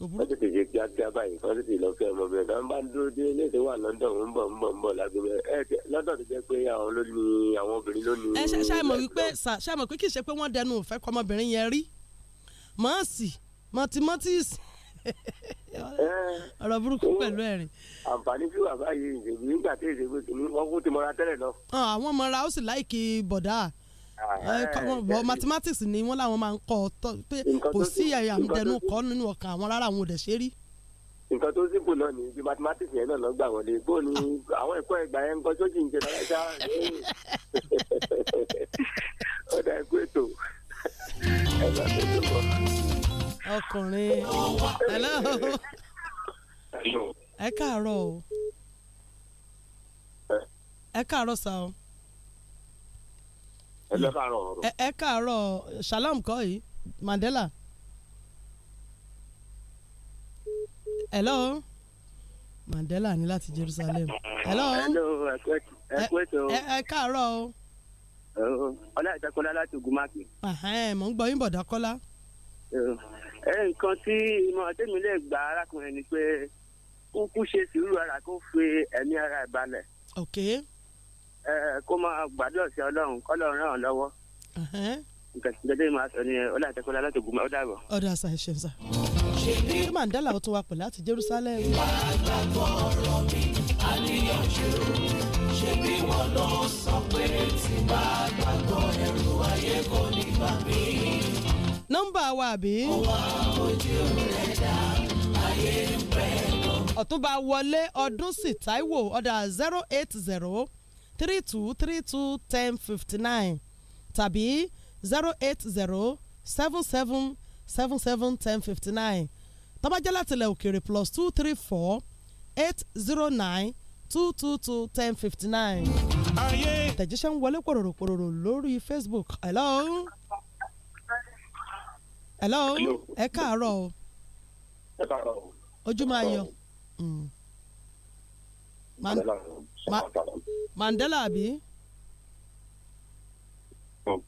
wọ́n tètè ṣe kíákíá báyìí wọ́n tètè lọ fẹ́ ọmọ bẹ́ẹ̀ náà bá ń dúró dé léde wà London ń bọ̀ ń bọ̀ ń bọ̀ lágbègbè ẹ ẹ London ti jẹ́ pé àwọn ló ní àwọn obìnrin ló ní. ẹ ṣàìmọ̀ wípé ṣàìmọ̀ pé kì í ṣe pé wọ́n dẹnu ìfẹ́ kọmọbìnrin yẹn rí mọ́ọ̀sì mọ́tímọ́tìsì ọ̀rọ̀ burúkú pẹ̀lú ẹ̀rín. àǹfààní sí wàhálà yìí nígbà tí èsè gbèsè ni wọ́n kú ti mọra Eh, eh, eh, mathematics ni wọ́n làwọn máa ń kọ́ ọ tọ́ pé kò sí ẹ̀yà àmúdẹnu kọ́ nínú ọkàn àwọn rárá àwọn ò dẹ̀ ṣe rí. nǹkan tó sípò náà ni bí mathematics yẹn náà lọ gbà wọlé bó ni àwọn ẹ̀kọ́ ẹ̀gbà yẹn ń kọ́ sójì ń jẹ lọ́jà ọ̀dà ẹ̀kú ètò ẹ̀dà tó tó bọ̀. ọkùnrin ẹ káàárọ̀ ẹ káàárọ̀ sáà ẹ káàárọ̀ ọ̀rọ̀. ẹ káàárọ̀ salam kọ́ yìí mandela. hello mandela ni láti jerusalem. hello ẹ káàárọ̀ o. ọlá ìdákọ́lá láti ogunmáàkì. mò ń gbọ́ yín bọ̀dá kọ́lá. ẹ nǹkan tí ìmọ̀ràn tèmi lè gba arákùnrin ni pé kúkú ṣe sùúrù ara kó fi ẹ̀mí ara ẹ̀ balẹ̀. okay. kó máa gbàdúrà sí ọlọ́run kọ́lọ́run ràn án lọ́wọ́ gẹ́gẹ́ bí màá sọ ni ọlá àtẹkọlá láti ogun ọdọ àbọ. ọdọ àṣà ẹ̀ṣẹ̀ mandala ó tún wá pè láti Jerusalem. wà á gbàgbọ́ mi àníyànjú ṣé bí lọ sọ pé tí bá gbàgbọ́ ẹrù ayé kò ní bá mi. wa ó ojú dá ayé ń three two three two ten fifty nine tàbí zero eight zero seven seven seven seven ten fifty nine tó bá jẹ́ láti ilẹ̀ òkèèrè plus two three four eight zero nine two two two ten fifty nine. tẹ̀jíṣẹ́ ń wọlé pòròrò pòròrò lórí Facebook. hello hello ẹ káàárọ̀ o ojú máa yọ. Mandela àbí. Oh,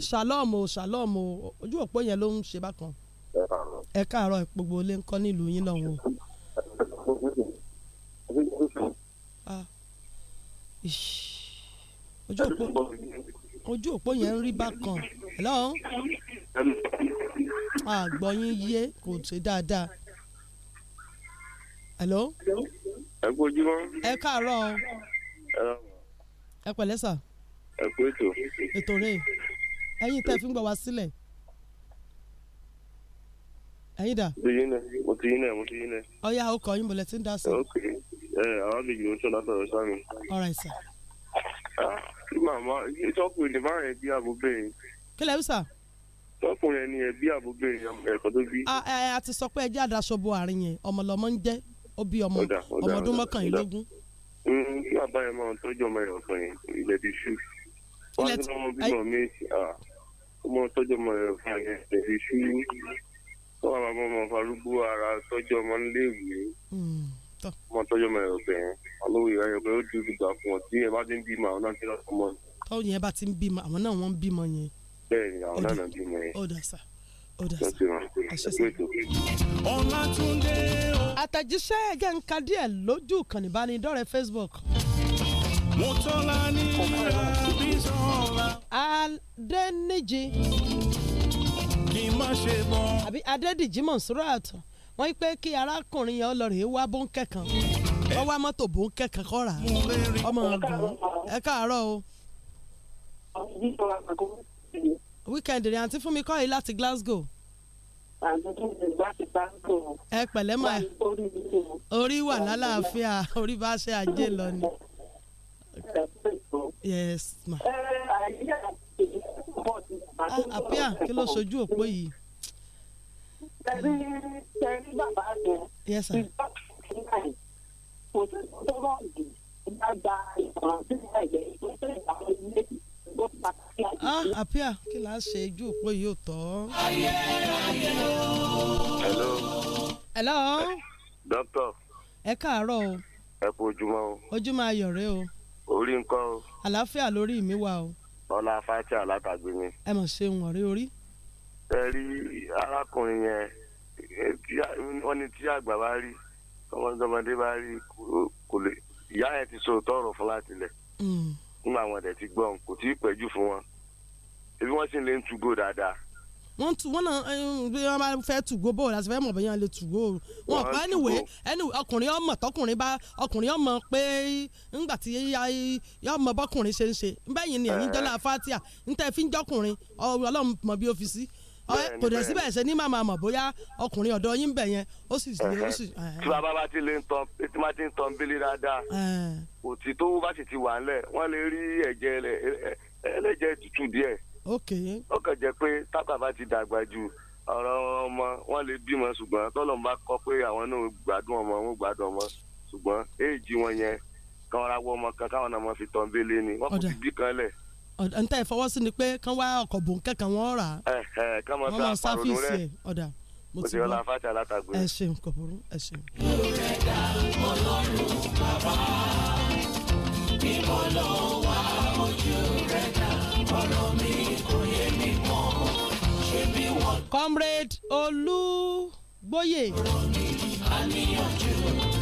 shalom o Shalom o ojú òpó yẹn ló ń ṣe bákan ẹ káàárọ̀ gbogbo ilé ńkọ́ nílùú yín lọ́hùn o. Ah. Ah. ojú òpó ojú òpó yẹn ń rí bákan hello àgbọ̀yìn yé kò tó dáadáa hello? ẹ kú ẹ káàárọ̀ ẹ pẹ̀lẹ́ sà. ẹ kú ètò. ètò rẹ̀ ẹ̀yin tẹ́ fi ń wá sílẹ̀. ẹ̀yin dà. mo ti yín náà mo ti yín mo ti yín yín bọ̀lẹ̀ tí ń dá sí. ok ẹ àwọn méjì ló ń sọ mi. Ah, kí màmá kí a ti sọ pé ẹjẹ́ àárín yẹn ọmọlọmọ ń ó bí ọmọ ọmọ ọdún mọ́kànlélógún. kí bàbá yẹn máa tọ́jú ọmọ yẹn ọ̀sán yẹn ilẹ̀ ti ṣú. wọ́n ti lọ́wọ́ bímọ mi ọmọ tọ́jú ọmọ yẹn ọ̀sán yẹn ilẹ̀ ti ṣú. wọ́n bá bàbá ọmọ farúgbó ara tọ́jú ọmọ níléèwé. Hmm, ọmọ tọ́jú ọmọ yẹn ọ̀sán yẹn olówó ìyá yẹn pé ó ju ìgbà fún ọ tí ẹ bá ti ń bímọ àwọn náà ti lọ́ tọ́wọ́ yẹn bá ti ń bímọ àwọn náà wọ́n ń bímọ yẹn. bẹ́ẹ̀ ni àwọn náà ń bímọ yẹn ó dà sí àṣẹ sí. Ọlátúndé o. àtẹ̀jíṣẹ́ ẹ̀jẹ̀ ń ka díẹ̀ lójú ìkànnì ìbánidọ́rẹ̀ẹ́ Facebook. mo tọ́lá ní rabi sọ́la. Adéníjì. kí n má ṣe mọ́. àbí Adédìjì Monsurat wọ́n pé kí arákùnrin yẹn ọlọ́rẹ̀ wá bóńkẹ́ kan wọ́n wá mọ́tò bóńkẹ́ kan kọ́ra ọmọ ọ̀gùn ẹ káàárọ̀ o weekend rẹ̀ àǹtí fún mi kọ́ yìí láti Glasgow. ẹ pẹ̀lẹ́ mà orí wà lálàáfíà orí bá ṣe àjẹ́ lọ ni. yes ma. àpíà ah, kí ló sojú òpó yìí. tẹ̀lé tẹ̀lé bàbá rẹ̀. yes sir. kò sí tó rọ̀ọ̀dì bá gba ìtàn sílẹ̀ ìgbẹ́ ìgbésẹ̀ ìgbà ilé ìgbó pàtàkì. Ah, àpíà kí là ṣe ojú òpó yìí ò tọ́. hello. hello. doctor. ẹ káàárọ̀ o. ẹ kú ojúmọ́ o. ojúmọ́ ayọ̀ rẹ o. orí ńkọ́ o. àlàáfíà lórí mi wà o. ọlá fatia látàgbé mi. ẹ mọ̀ ṣe wọ̀n rí orí. ẹ rí arákùnrin yẹn wọ́n ní tí àgbà bá rí ọmọdé bá rí kò lè ìyá yẹn ti sọ tọrọ fún láti lẹ̀. Hmm nígbà wọn dẹ̀ ti gbọ́n kò tí ì pẹ́jù fún wọn ebi wọ́n sì lè ń tugó dáadáa. wọ́n tu wọ́n náà bí wọ́n bá fẹ́ tugó bó láti fẹ́ mọ̀ bẹ́ẹ̀ lè tugó o wọn pa ẹniwé ẹniwé ọkùnrin ọmọ tọkùnrin bá ọkùnrin ọmọ pé ńgbà tí yọ ọmọ bọkùnrin ṣe ń ṣe bẹ́ẹ̀ ni ẹ̀yin jọ́lá fatia ń tẹ́ fi ń jọkùnrin ọlọ́run mọ̀ bí ó fi sí kò dẹ̀ síbẹ̀ ṣe ní màmá mọ̀ bóyá ọkùnrin ọ̀dọ́ yín bẹ̀ yẹn ó sì. tí bàbá bá ti lè ń tan tí bá ti ń tan bílí dáadáa òtítọ́ bá sì ti wà ńlẹ̀ wọ́n lè rí ẹ̀jẹ̀ ẹlẹ́jẹ̀ tútù díẹ̀. ok. ó kàn jẹ́ pé tábà bá ti dàgbà ju ọ̀rọ̀ ọmọ wọn lè bímọ ṣùgbọ́n tọ́lọ́mù bá kọ́ pé àwọn náà gbádùn ọmọ wọn gbádùn ọmọ ṣùgbọ́n éèjì wọn yẹn káwọn ra wọ ọmọ kan káwọn náà mọ fi tàn bẹ́lẹ̀ ni wọ́n kò ti n tẹ́ sí ni pé kán wá ọkọ̀ bò ń kẹ́kàn rà á wọ́n máa sáfíìsì ẹ̀ ọ̀dà mo ti bọ́ ẹ ṣeun kò burú ẹ ṣeun. comrade olúgbóyè. ọ̀rọ̀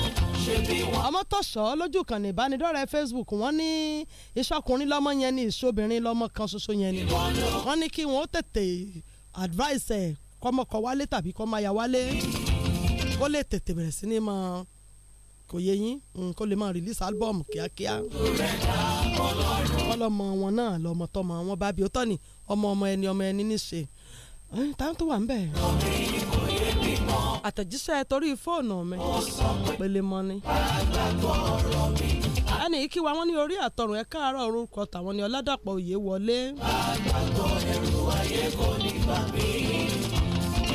ọmọ tọ̀sọ́ lójú kan ní ìbánidọ́rẹ̀ẹ́ Facebook wọ́n ní ìṣọkùnrin lọ́mọ yẹn ní ìṣobìnrin lọ́mọ kan ṣoṣo yẹn ni wọ́n ní kí wọ́n tètè advice ẹ̀ kọ́mọkọ wálé tàbí kọ́mọya wálé kó lè tètè bẹ̀rẹ̀ sí ni mọ́ kò yé yín kó lè máa release album kíákíá ọlọmọ wọn náà lọmọ tọmọ wọn bá bí ó tọ́ ni ọmọ ọmọ ẹni ọmọ ẹni níṣe táwọn tó wà ń bẹ̀ àtẹ̀jíṣẹ́ torí fóònù mi pelemọ ni. ẹnì yìí kí wa wọ́n ní orí àtọrùn ẹ káàárọ̀ orúkọ tàwọn ní ọládàpọ̀ òye wọlé. àgbàgbọ́ ẹrù ayé kò ní bá mi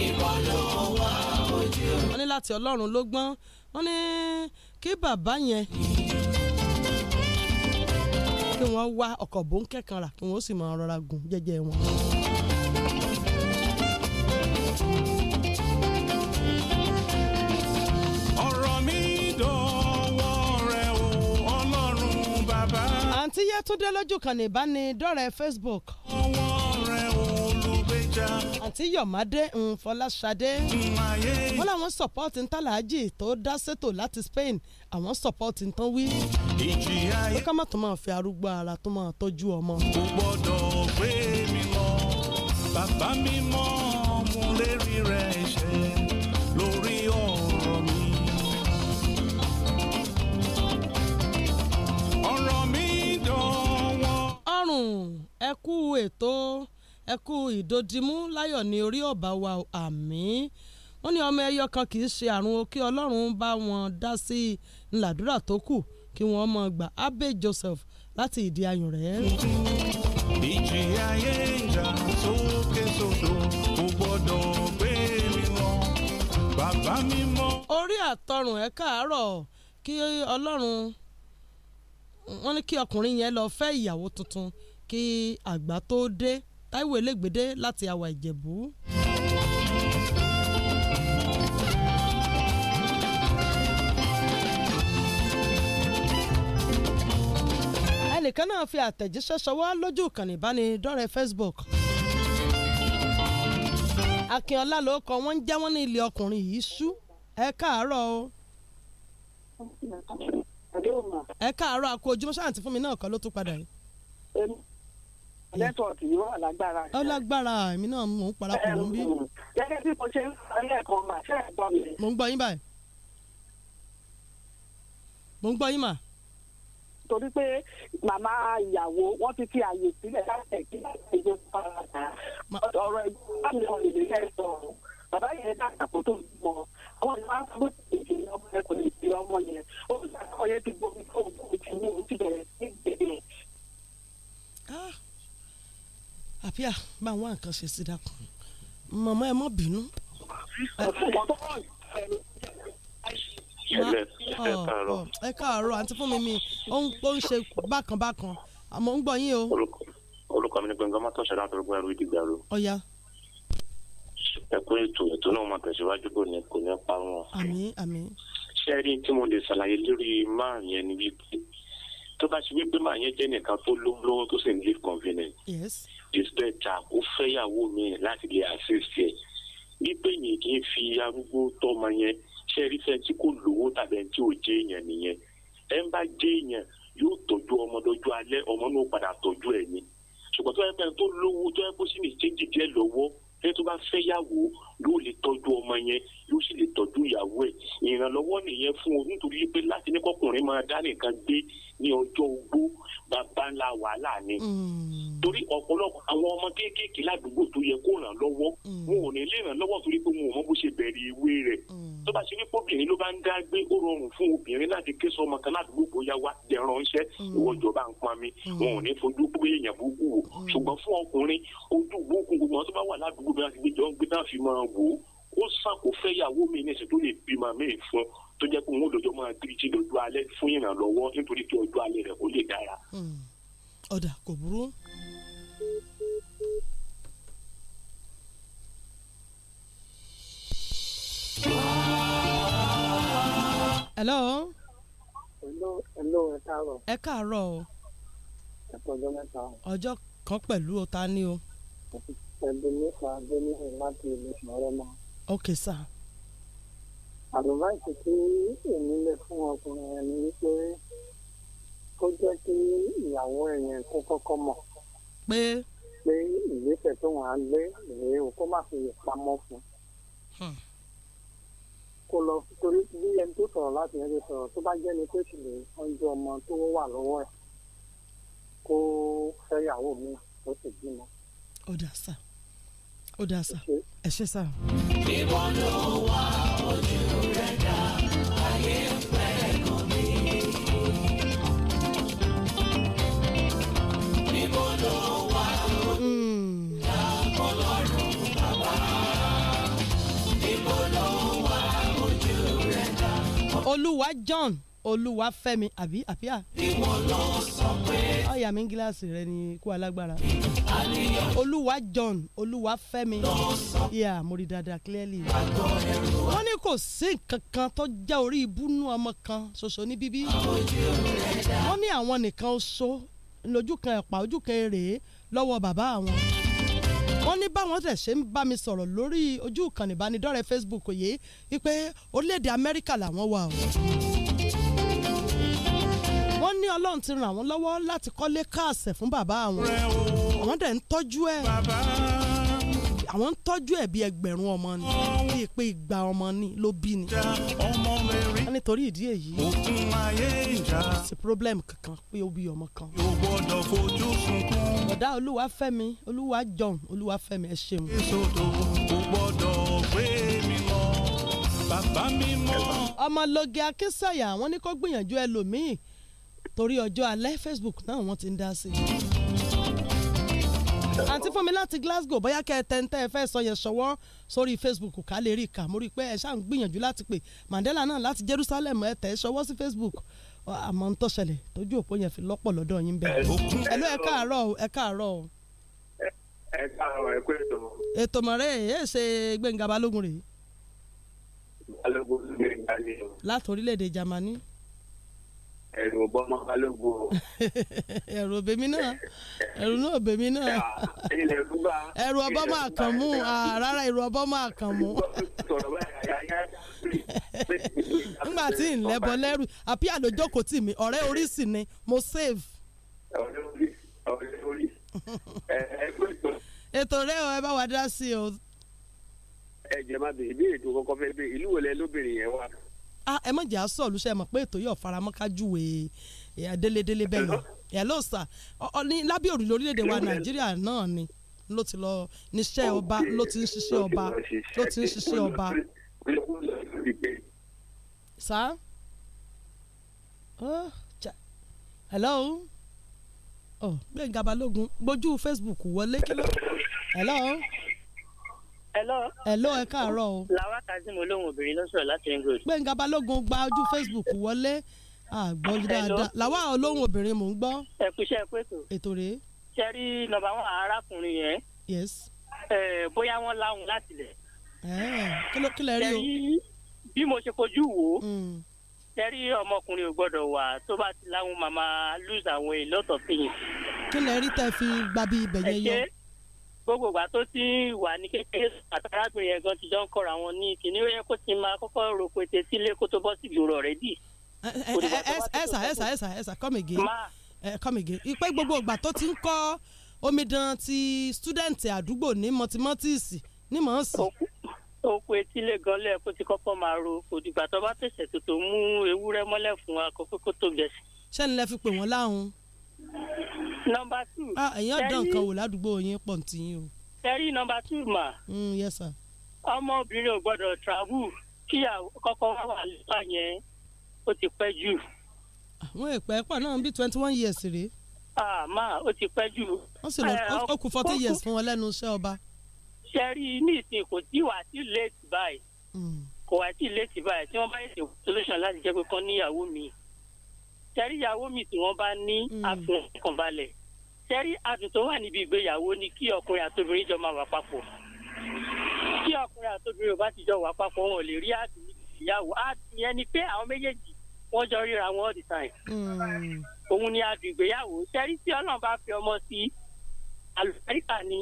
ìbọn ló wà ojú. wọ́n ní láti ọlọ́run ló gbọ́n wọ́n ní kí bàbá yẹn kí wọ́n wá ọkọ̀ bóńkẹ́ kan rà kí wọ́n sì máa rọra gùn jẹ́jẹ́ wọn. Adétúndé lójú kan ní ìbánidọ́rẹ̀ẹ́ Facebook. ọwọ́ rẹ̀ olùgbèjà. àǹtí Yọ̀mádé Fọláṣadé. wọ́n láwọn sọ̀pọ́ọ̀tì ntàlájì tó dá sétò láti Spain àwọn sọ̀pọ́ọ̀tì ntán wí. ìjì ayé. pé ká má tún máa fi arúgbó ara tó máa tọ́jú ọmọ. kò gbọ́dọ̀ gbé mi mọ́ bàbá mi mọ́. ẹ kú ètò ẹ kú ìdòdìmú láyọ̀ ní orí ọ̀bà wa àmì wọ́n ní ọmọ ẹyọ kan kì í ṣe àrùn o kí ọlọ́run bá wọn dá sí i ńlàdúrà tó kù kí wọ́n mọ̀ gbà Abe Joseph láti ìdí ayùn rẹ̀. ìjì ayé ìjà sókè sódò kò gbọ́dọ̀ gbé mi lọ bàbá mi mọ́. orí àtọrùn ẹ káàárọ̀ kí ọlọ́run wọ́n ní kí ọkùnrin yẹn lọ fẹ́ ìyàwó tuntun kí àgbà tó dé Táíwò Elégbèdé láti àwà Ìjẹ̀bú. ẹnìkan náà fi àtẹ̀jíṣẹ́ ṣọwọ́ lójú ìkànnì ìbánidọ́rẹ̀ẹ́ Facebook akínọlá ló kọ wọn ń jẹ wọn ní ilé ọkùnrin yìí ṣú ẹ káàárọ̀ o. ẹ káàárọ̀ àkó ojúmọ́ fún mi náà kọ́ ló tún padà yìí nẹ́tíwọ̀kì yìí wà lágbára. ó lágbára èmi náà mò ń parapọ̀ ló ń bí. gẹ́gẹ́ bí mo ṣe ń sọ lẹ́ẹ̀kan mà ṣe é gbọ́ mi. mo ń gbọ́ yín báyìí. mo ń gbọ́ yín mà. torí pé màmá ìyàwó wọ́n ti fi àyè sílẹ̀ láti ẹ̀kí láti ẹgbẹ́ fara dà ọ̀rọ̀ ẹgbẹ́ láti wọn lè lè sọ bàbá yẹn dàgbà kó tó mọ àwọn ìwà fún ìdílé ọmọ yẹn kò lè di ọmọ yẹn ó ń sàkóyè ti gbòmí kó o ti mú o ti bẹ̀rẹ̀ sí ìgbẹ́ yẹn. Ah! àbíà bá wọn nǹkan ṣe sí dákun màmá ẹ má bínú. Oh, oh, ẹ káàárọ̀ àǹtí fún mi mi ó ń ṣe bákan bákan àmọ́ ń gbọ́ yín o. olùkọ́ mi ní gbẹ̀ngàn má tọ̀ṣẹ̀ láti rúgbọ́n ẹrú ìdìgbà rò. ọ̀ya. ẹ kú ètò ètò náà máa tẹ̀síwájú kò ní kò ní parun. àmín àmín. ṣé ẹ rí tí mo lè ṣàlàyé lórí márùn-ún yẹn ni wípé tó bá ṣe wípé màá yẹn jẹ́ nìkan tó lówó lọ́wọ́ tó sì ń live convenient. yes. it's better kó fẹ́yàwó mi láti lè assist ẹ̀ wípé yìí kì í fi arúgbó tọ́mọ yẹn ṣe rí fẹ́ tí kò lówó tàbí ẹni tí ò jẹ́ èèyàn nìyẹn ẹ ń bá jẹ́ èèyàn yóò tọ́jú ọmọ dọ́jú alẹ́ ọmọ náà padà tọ́jú ẹ̀ ni ṣùgbọ́n tó yẹ kó sì ní ṣéǹjì díẹ̀ lọ́wọ́ ẹ tó bá fẹ́yàwó yóò lè tọ́jú ọmọ yẹn yóò sì lè tọ́jú ìyàwó ẹ̀ ìrànlọ́wọ́ nìyẹn fún o nítorí pé láti ní kọkùnrin máa dá nìkan gbé ní ọjọ́ ogbó bàbá ńlá wàhálà ni. Hmm. torí ọ̀pọ̀lọpọ̀ àwọn ọmọ kéékèèké ládùúgbò tó yẹ kó ràn lọ́wọ́ hmm. wọn ò ní lè ràn lọ́wọ́ torí pé wọn ò mọ bó ṣe bẹ̀rẹ̀ ìwé rẹ̀. Hmm. tó bá ṣe wípé obìnrin ló bá ń dá gbé ó rọrùn fún obìnrin láti ké sọ ọmọ kan ládùúgbò bóyá wá dẹran iṣẹ́ ìwọ ìjọba ń pọn mi wọn ò ní fojú pé èèyàn burúkú wò ṣùgbọ́n fún ọkùnrin ojú burúkú gbogbo wọn tó bá wà ládùúgbò bí wọ́n ti gbé jọ ń gbé náà fi máa wò ó sàn kó fẹ́ yàwó mi ní ìsìn tó lè bímọ mi fún tó jẹ́ pé òun lọ́jọ́ máa diriji lójú alẹ́ fún ìrànlọ́wọ́ nítorí pé ọjọ́ alẹ́ rẹ̀ kó lè dára. Hmm. ọ̀dà kò burú. hello. hello hello ẹ káàárọ̀. ẹ káàárọ̀ o. ọjọ́ kan pẹ̀lú ọ̀tá ni o ẹ̀dùnmífà adéníhìn láti ìlú ìṣọ̀rọ̀mọ. ok sir. àdùnmáìsì tí èmi lè fún ọkùnrin yẹn ni wípé kó jẹ́ kí ìyàwó ẹ̀yẹn kó kọ́kọ́ mọ̀. pé pé ìgbésẹ̀ tó wọ́n á lé rèé o kó má fi pamọ́ fún. Hmm. kó lọ torí bí ẹni tó sọ̀rọ̀ láti ẹni tó sọ̀rọ̀ tó bá jẹ́ ni pé ṣùgbọ́n ọjọ́ ọmọ tó wà lọ́wọ́ ẹ̀ kó fẹ́yàwó mi ó sì bímọ. ó dà sáà ó dáa sá ẹ ṣe sá. ìwọ ló wà ojú rẹ̀ dá ayé pẹ́ gan mi. ìwọ ló wà ojú dá ọlọ́run bàbá. ìwọ ló wà ojú rẹ̀ dá. olúwa John olúwàfẹ́mi àbí àpíà. ìwọ ló sọ pé. ọ̀yà mi ń gíláàsì rẹ ní ikú alágbára. olúwa john olúwàfẹ́mi. ló sọ. yà mo rí dáadáa clearly. àgọ́ ẹ̀rọ. wọ́n ní kò sí nǹkan kan tó já orí ibùnú ọmọ kan ṣoṣo ní bíbí. ojú rẹ̀ dá. wọ́n ní àwọn nìkan ṣo lójú kan ẹ̀pà ojú kan èrè lọ́wọ́ bàbá àwọn wọ́n ní báwọn tẹ̀ ṣe ń bá mi sọ̀rọ̀ lórí ojú ìkànnì ìbánidọ́rẹ̀ẹ́ Facebook yìí wípé orílẹ̀-èdè Amẹ́ríkà làwọn wà o ní ọlọ́run ti ràn wọ́n lọ́wọ́ láti kọ́lé káàsẹ̀ fún bàbá àwọn àwọn dẹ̀ ń tọ́jú ẹ̀ àwọn ń tọ́jú ẹ̀ bí ẹgbẹ̀rún ọmọ ni bíi pé igba ọmọ ni ló bí ni nítorí ìdí èyí sí problem kankan pé ó bí ọmọ kan. bọ̀dá olúwafẹ́mi olúwajọ̀hún olúwafẹ́mi ẹ ṣeun. ọmọlóge akínsàyà wọ́n ní kó gbìyànjú ẹlòmíì torí ọjọ́ alẹ́ Facebook náà wọ́n ti ń dá sí i àǹtí fún mi láti Glasgow bóyá kẹ tẹ́ntẹ́ ẹ fẹ́ sọ yẹn ṣọwọ́ sórí Facebook ká lè rí ìkà mo rí i pé ẹ ṣáà ń gbìyànjú láti pè Mandela náà láti Jerusalem ẹ tẹ̀ ẹ ṣọwọ́ sí Facebook àmọ́ ń tọ́ṣẹlẹ̀ tójú òpó yẹn fi lọ́pọ̀ lọ́dọ̀ yín bẹ́ẹ̀. ẹ̀lú ẹ káàárọ̀ o ẹ káàárọ̀ o. ẹ káàárọ̀ ẹ kú ètò. ètò mọ̀rẹ́ ẹ̀ ṣe Gbẹ̀ngà Balógun rèé. Balógun rèé látòrílẹ̀-èdè Germany ẹ̀rù bọ́mọ balógun o. ẹ̀rù bèmi náà ẹ̀rù náà bèmi náà. Ah, ilẹ̀ rúbà. ẹ̀rù ọbọ̀mọ àkànmú ah, rárá ẹ̀rù ọbọ̀mọ àkànmú. nígbà tí ń lẹ́bọ lẹ́rù àbí àlójókòó tì mí ọ̀rẹ́ orí sì ni mo save. ọ̀rẹ́ orí ọ̀rẹ́ orí ẹgbẹ́ ìtọ́. ètò rẹ o ẹ bá wa dá sí o. ẹ jẹ́ má bèrè ìbéèrè tó kọ́kọ́ fẹ́ bèrè ìlú wo lẹ lóbìnrin yẹn wà. Ah, ẹ mọ̀ jẹ́ àṣọ olùṣẹ́ mọ̀ pé ètò yóò faramọ́ kájúwe délédélé bẹ́ẹ̀ yẹn hello sir ní lábẹ́ òrùlé orílẹ̀-èdè wa nàìjíríà náà ni ló ti lọ níṣẹ́ ọba ló ti ń ṣiṣẹ́ ọba ló ti ń ṣiṣẹ́ ọba. sir ah, hello oh, gbẹ̀ngà gbójú facebook wọlé kí ló hello hello. hello ẹ káàárọ̀ o. làwa kazeem olóhùn obìnrin ló sọ̀rọ̀ láti ring road. gbẹ̀ngà balógun gba ojú facebook wọlé àgbọ̀jú dáadáa làwa olóhùn obìnrin mò ń gbọ́. ẹ kú iṣẹ́ pé tó. ètò rèé. ṣe rí wọn arákùnrin yẹn. yes. ẹ bóyá wọn láwọn láti lẹ. kí lẹ rí o. bí mo ṣe fojú wò ó. Mm. ọmọkùnrin ò gbọ́dọ̀ wà tó bá ti láwọn màmá lose àwọn a lot of things. kí lẹ rí tẹ fi gbabi gbogbo ìgbà tó ti wà ní kékeré àtàràgbìn yẹn gan ti jọ ń kọra wọn ní kìnìún yẹn kó ti máa kọ́kọ́ ro pété sílé kó tó bọ́ sí ìlú rẹ̀ dì. ẹsà ẹsà ẹsà ẹsà come again eh, come again ìpè gbogbo ìgbà tó ti ń kọ́ omidan ti student àdúgbò ní mọtimọtíìsì ní mọ̀ọ́sì. oko etílé gan lẹ́ẹ̀ kó kọ́kọ́ máa ro kò tó bá tẹ̀sẹ̀ tó tó mú ewúrẹ́ mọ́lẹ̀ fún wa tó gẹ̀ẹ́sì. ṣé ń lẹ fi pè wọ́n láhùn number two. ah ẹ̀yin ọ̀dọ́ nǹkan wò ládùúgbò yín pọ̀ ní tiyín o. tẹ́rí number two ma. Mm, yes sir. ọmọbìnrin ò gbọ́dọ̀ travel kí kọ́kọ́ wá wà lẹ́gbà yẹn ó ti pẹ́ jù. àwọn èèpẹ̀ pọ̀ náà ń bí twenty one years rèé. ah ma ó ti pẹ́ jù. wọ́n sì lọ ó kù forty years fún wọn lẹ́nu iṣẹ́ ọba. tẹ́rí ní ìsìn kò tí wàá sí late báyìí mm. kò wàá sí late báyìí tí wọ́n bá yẹ solution láti jẹ́ pé kán níyàwó mi sẹ́rí ìyàwó mi tí wọ́n bá ní mm. àfihàn sẹ́rí àdùn wà níbi ìgbéyàwó ni kí ọkùnrin àtobìnrin jọ máa wà papọ̀ tí ọkùnrin àtobìnrin ò bá ti jọ wà papọ̀ wọn ò lè rí àdùn ìyàwó àdùn ni pé àwọn méjèèjì wọ́n jọ ríra wọn all the time mm. òun ni àdùn ìgbéyàwó sẹ́rí tí ọlọ́run bá fi ọmọ sí àlùbáríkà ní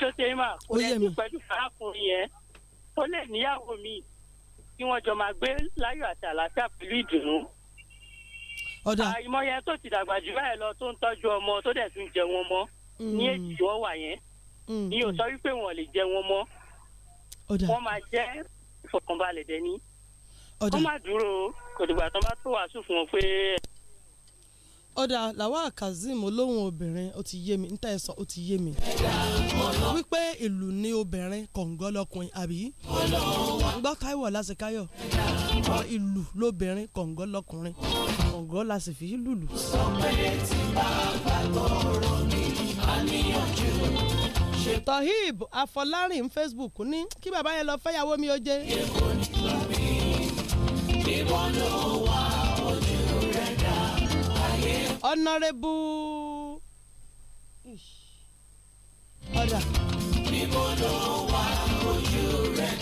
sọ́tẹ́mà kò lè ní pẹ̀lú arákùnrin yẹn ó lè níyàwó mi kí wọ́n jọ máa gbé láyọ̀ àti àlàáfíà pẹ̀lú ìdùnnú àìmọye tó ti dàgbà jù báyìí lọ tó ń tọ́jú ọmọ tó dẹ̀ tún jẹun ọmọ mm. ní èjì tí wọ́n wà yẹn ni mm. ò sọ wípé wọ́n lè jẹun ọmọ wọ́n máa jẹ́ ìfọkànbalẹ̀ dẹ́ni wọ́n má dúró kò dìgbà bá tó wàásù fún wọn pé ọ̀dà Lawal Kazeem olóhùn obìnrin ó ti yé mi níta ẹ̀ sọ ó ti yé mi wípé ìlú ní obìnrin kọ̀ǹgọ́ lọ́kùnrin àbí gbọ́ káyọ̀ lásìkáyọ̀ ìlú lóbìnrin kọ̀ǹgọ́ lọ́kùnrin kọ̀ǹgọ́ la sì fi lùlù. sọ pé tí bàbá gbọ́rọ̀ mi àníyànjú tohib afọlárin facebook ní kí bàbá yẹn lọ fẹ́yàwó mi ó jẹ́. èkó ni bàbá mi ìbọn ló wà ọ̀nàrẹ́bù. ọ̀dà. níbo ló wà ojú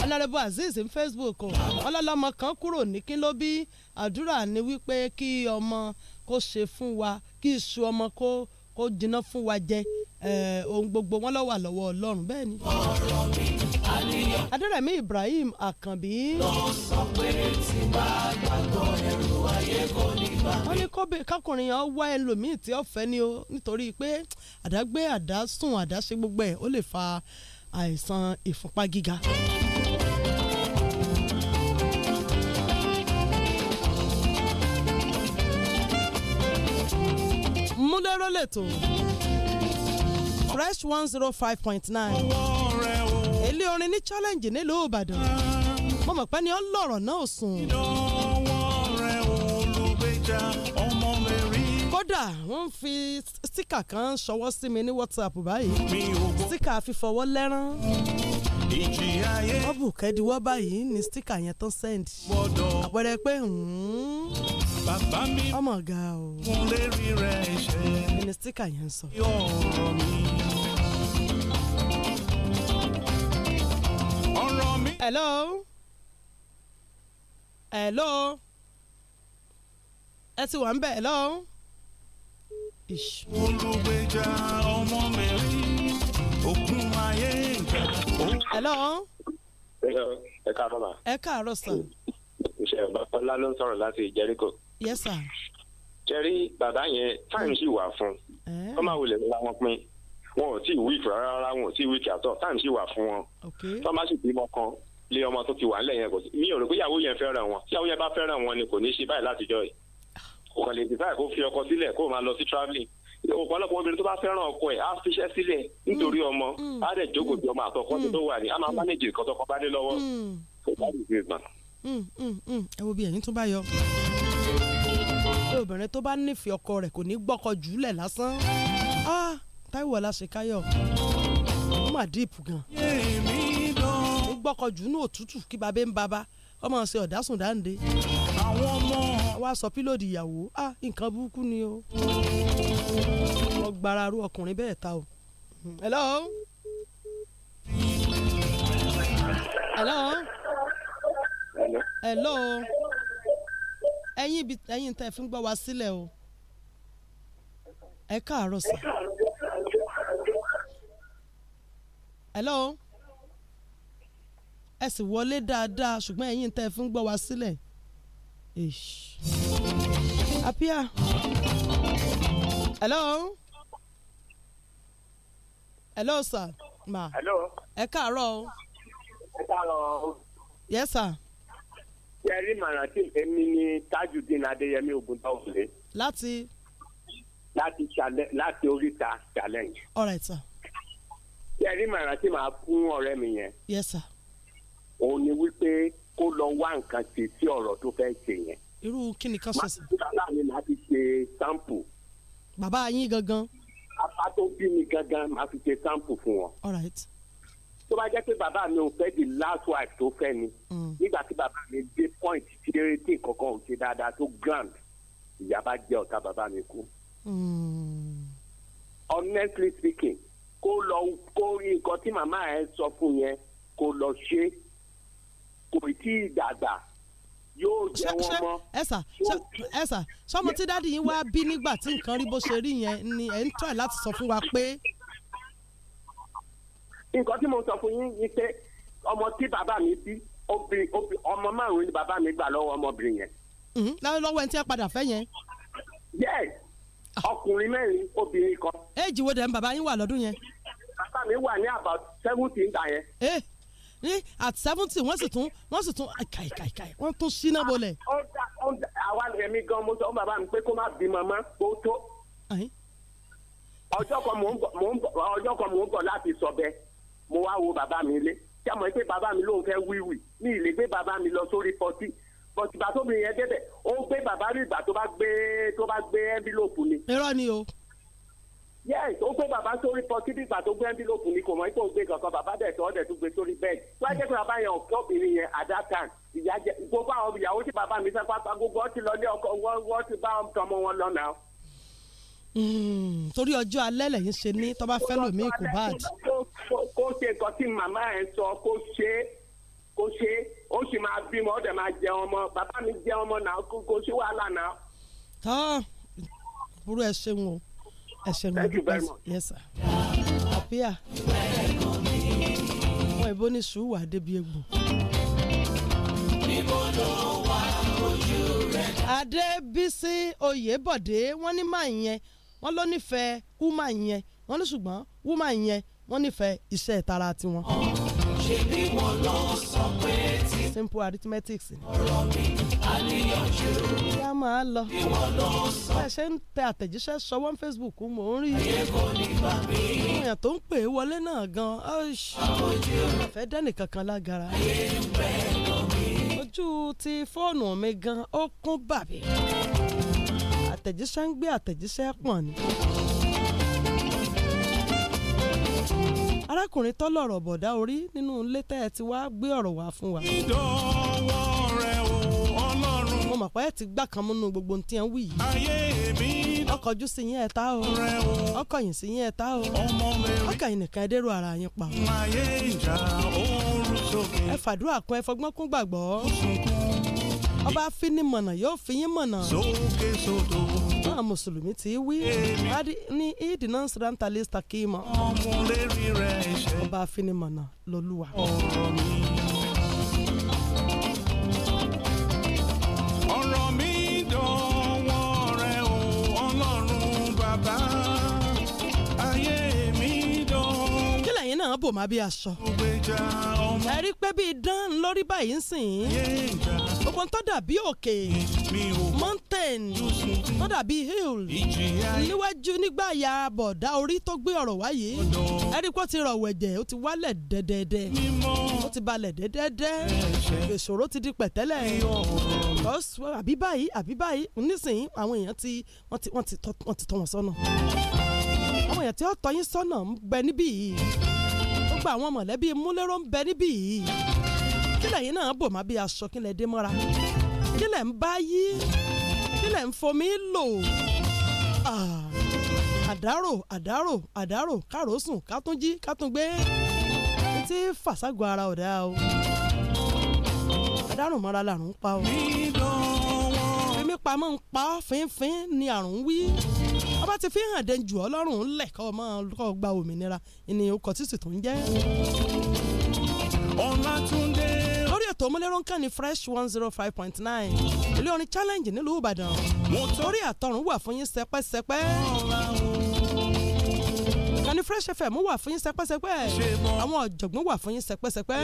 ọ̀nàrẹ́bù azeez ní facebook ọlọ́lọ́mọ kan kúrò ní kí ló bí àdúrà ni wípé kí ọmọ kó ṣe fún wa kí iṣu ọmọ kó kó jiná fún wa jẹ ohun gbogbo wọn ló wà lọ́wọ́ ọlọ́run bẹ́ẹ̀ ni. ọ̀rọ̀ mi adẹ́rẹ̀mí Ibrahim Àkànbí. ló sọ pé tí bá gbàgbọ́ ẹrù ayé kò ní bá mi. wọ́n ní kákùnrin yẹn wá ẹlòmíì tí ó fẹ́ ni o nítorí pé àdágbé àdásùn àdáṣe gbogbo ẹ̀ ó lè fa àìsàn ìfúnpá gíga. múlẹ́rọ́ lẹ́tọ̀ fresh one zero five point nine ilé orin ní challenge nílùú Ìbàdàn mo mọ̀ pé ni ó lọ̀rọ̀ náà sùn. kódà wọ́n fi síkà kan ṣọwọ́ sí mi ní WhatsApp báyìí síkà fífọwọ́ lẹ́rán wọ́n bù kẹ́díwọ́ báyìí ní síkà yẹn tó send àpẹẹrẹ pé hmm, ọmọ ọ̀gá o kí ni síkà yẹn ń sọ. hello hello ẹ ti wà ń bẹ̀ hello. olùgbèjà ọmọ mi rí òkun ayé ìjà. hello. ẹ káàárọ̀ ma. ẹ káàárọ̀ sàn. ìṣẹ̀lẹ̀ bàbá ló ń sọ̀rọ̀ láti Jericho. yes sir. jẹ́rí bàbá yẹn táìmù sì wà fún un eh? wọ́n máa wulẹ̀ nípa wọn pín wọn ò tí ì wíìkì rárá wọn ò tí ì wíìkì àtọ̀ táìmù sì wà fún wọn. tọ́ bá sì bímọ kan lé ọmọ tó ti wà nílẹ̀ yẹn kò sí mi ò rò pé ìyàwó yẹn fẹ́ràn wọn tí ìyàwó yẹn bá fẹ́ràn wọn ni kò ní ṣe báyìí látijọ́ yìí kò kàn lè decide kó fi ọkọ sílẹ̀ kó máa lọ sí travelling ọ̀pọ̀lọpọ̀ obìnrin tó bá fẹ́ràn ọkọ ẹ̀ á fiṣẹ́ sílẹ̀ nítorí mm. ọmọ mm. á dẹ̀ jókòó di ọmọ àtọkọ mm. tó wà ní á máa manage nǹkan bá dé lọ́wọ́ ẹ wo bí ẹ̀yin tó bá yọ obìnrin tó bá nífẹ̀ẹ́ ọkọ rẹ̀ kò ní gbọ́kọ jùlẹ̀ lásán ah, Táíwò Ọláṣekáyọ̀ ó mà díìpù gan gbọ́kọ̀jù ní òtútù kí babẹ́ ń baba ọmọ ọ̀sẹ̀ ọ̀dásùn àwọn ọmọ. wàá sọ pílòdì ìyàwó a nǹkan burúkú ni o. wọ́n ru ọkùnrin bẹ́ẹ̀ ta o. hello. hello. hello. ẹ̀yin ibi ẹ̀yin tẹ́ gbọ́ wá sílẹ̀ o. ẹ káàárọ̀ sir. hello. hello? ẹ sì wọlé dáadáa ṣùgbọ́n ẹ̀yin tẹ́ fi ń gbọ́ wa sílẹ̀. apia hello hello sir ma hello ẹ káàárọ̀ o. ẹ káàárọ̀ o. yes sir. yẹ́rì màràtí èmi ni tajudeen adéyẹmí ogun tọ́wọ́lé. láti. láti challenge láti oríta challenge. all right sir. yẹ́rì màràtí màá fún ọ̀rẹ́ mi yẹn. yes sir òun ni wípé kó lọ wá nǹkan ṣe sí ọ̀rọ̀ tó fẹ́ ṣe yẹn. irú kí ni ká sọ sí. màtí sàlá ni màá fi ṣe sampo. bàbá yín gangan. bàbá tó bí mi gangan màá fi ṣe sampo fún wọn. all right. tó bá jẹ́ pé bàbá mi ò fẹ́ di last wife tó fẹ́ ni. Mm. nígbà tí bàbá mi dé point tí kankan ò ṣe dáadáa tó grand ìyá jẹ́ ọ̀tá bàbá mi kú. Mm. honestly speaking kó lọ kó nǹkan tí màmá ẹ sọ fún yẹn kó lọ ṣe é kò tí ì dàgbà yóò jẹ wọn mọ. ẹ sà sọmọ tí dáàdi yín wá bí nígbà tí nǹkan rí bó ṣe rí yẹn ni ẹ ń tọ́ láti sọ fún wa pé. nǹkan tí mo sọ fún yín ni pé ọmọ tí bàbá mi bí ọmọ márùn-ún ni bàbá mi gbà lọ́wọ́ ọmọbìnrin yẹn. Mhm, lọ́wọ́ ẹni tí ẹ padà fẹ́ yẹn. yes ọkùnrin mẹ́rin obìnrin kan. éèjì wo dẹ̀ ń bàbá yín wà lọ́dún yẹn. bàbá mi wà ní about seventeen gbà yẹn. Eh, ní eh, at seventy wọ́n sì tún wọ́n sì tún ah, kai kai kai wọ́n tún ṣínà bolẹ̀. Ah, àwa èmi gan mo sọ fún bàbá mi pé kó má bí màmá kó tó ọjọ́ kan mò ń bọ̀ ọjọ́ kan mò ń bọ̀ láti sọ̀bẹ̀ mo wá wo bàbá mi lé tí a pé bàbá mi lóun fẹ́ wíwì ní ilé gbé bàbá mi lọ sórí pọtí pọtìgbà tóbi yẹn débẹ̀ ó gbé bàbá rí ìgbà tó bá gbé tó bá gbé ẹ́ńbílòpù ni. irọ́ ni o yes ó gbé bàbá sórí pọtí bí ìgbà tó gbé envelope ni kò mọ ipò gbé kankan bàbá dẹ̀ tọ́ dẹ̀ tó gbé sórí bẹ́ẹ̀dì wọ́n jẹ́ pé bàbá yẹn ọ̀kẹ́ obìnrin yẹn at that time ìyá jẹ gbogbo àwọn ìyàwó tí bàbá mi sápá pa gbogbo ọtí lọ ní ọkọ wọ́n ti bá ọmọ wọn lọ́nà. Hmm, torí ọjọ́ alẹ́ lẹ́yìn ṣe ní tọ́ba fẹ́ lòmí kò bá àdì. kó ṣe nǹkan tí màmá ẹ̀ sọ kó ṣe kó ṣe ó sì máa bímọ ó dẹ̀ máa ẹ ṣe mo dúpẹ́ yes sir àpíà wọn ìbò ní sùúrù wà débi egbò. níbo ló wà ojú rẹ. Adébísí Oyèbọ̀dé wọ́n ní máa yẹn wọ́n ló nífẹ̀ẹ́ wúmà yẹn wọ́n ní ṣùgbọ́n wúmà yẹn wọ́n nífẹ̀ẹ́ iṣẹ́ ìtara tiwọn. ṣèbí wọn ló sọ pé simple arithmetic ni. ọ̀rọ̀ mi àníyànjú. kí a máa lọ. ìwọ ló sọ. bá a ṣe ń tẹ àtẹ̀jíṣẹ́ sọwọ́ ní Facebook mò ń rí. ayé kò ní gbà mí. ìyàn tó ń pè é wọlé náà gan-an. àwòjú. àfẹ́ dẹ́nìkankan lágara. ayé ń bẹ́ẹ̀ lọ mí. ojú ti fóònù mi gan-an ó kún bàbí. àtẹ̀jíṣẹ́ ń gbé àtẹ̀jíṣẹ́ pọ̀ ni. arákùnrin tọ́lọ̀rọ̀ bọ̀dá orí nínú ilé tẹ́ ẹ ti wá gbé ọ̀rọ̀ wá fún wa. ìdánwò rẹ o ọlọ́run. mo mọ̀ pé ẹ ti gbà kan múnú gbogbo ohun tí ẹ ń wí ayé ọkọ̀ sí yín ẹ o. rẹ o ọkọ̀ yìí sí yín o. ọmọ mi rí. ara yín pa. ayé ìjà oorun sókè. ẹ fàdúrà kún ẹ ọba fi yóò táwọn mùsùlùmí ti wí ní ìdí náà sọ̀rọ̀ ń ta lẹ́sítà kí ọba afinimọ̀nà lọ́lúwa. ọ̀rọ̀ mi dọ̀wọ́ rẹ̀ o ọlọ́run bàbá ayé mi dọ̀wọ́. kílẹ̀ yín náà bò má bí aṣọ. ẹ pé bíi dán lórí báyìí ń sìn. ogun tó dàbí òkè. Okay mountain tó dàbí hill níwájú nígbà ya bọ̀dá orí tó gbé ọ̀rọ̀ wáyé ẹ̀ríkọ́ ti rọ̀ wẹ̀jẹ̀ ó ti wálẹ̀ dẹ́dẹ́dẹ́ ó ti balẹ̀ dẹ́dẹ́dẹ́ ìṣòro ti di pẹ̀tẹ́lẹ̀ àbí báyìí àbí báyìí nísìnyí àwọn èèyàn ti wọ́n ti tọ́ wọn sọ́nà àwọn èèyàn tí ó tọ́ sọ́nà ń bẹ níbí yìí ó gba àwọn mọ̀lẹ́bí múlẹ́rọ́ ń bẹ níbí yìí kílẹ̀ yìí náà bò má bí aṣọ kílẹ̀ dé mọ́ra kí lẹ̀ ń bá yí kí lẹ̀ ń fomi lò àdárò àdárò àdárò kárò sùn kátúnjí kátúngbé tí fàṣàgọ́ ara ọ̀dà o àdárò mọ́ra làrùn pa o èmi pamọ́ ń pa fínfín ni àrùn wí ọba ti fi hàn dẹ́njù ọlọ́run ńlẹ̀ kọ́ ọ máa kọ́ gba òmìnira ìní okọ̀ tó ń jẹ́. Ọlátúndé ètò múlẹ́rọ̀ ń kàn ní fresh one zero five point nine ilé orin challenge nílùú ìbàdàn torí àtọ̀run wà fún yín sẹpẹ́sẹpẹ́ kàní fresh fm wà fún yín sẹpẹ́sẹpẹ́ àwọn ọ̀jọ̀gbọ́n wà fún yín sẹpẹ́sẹpẹ́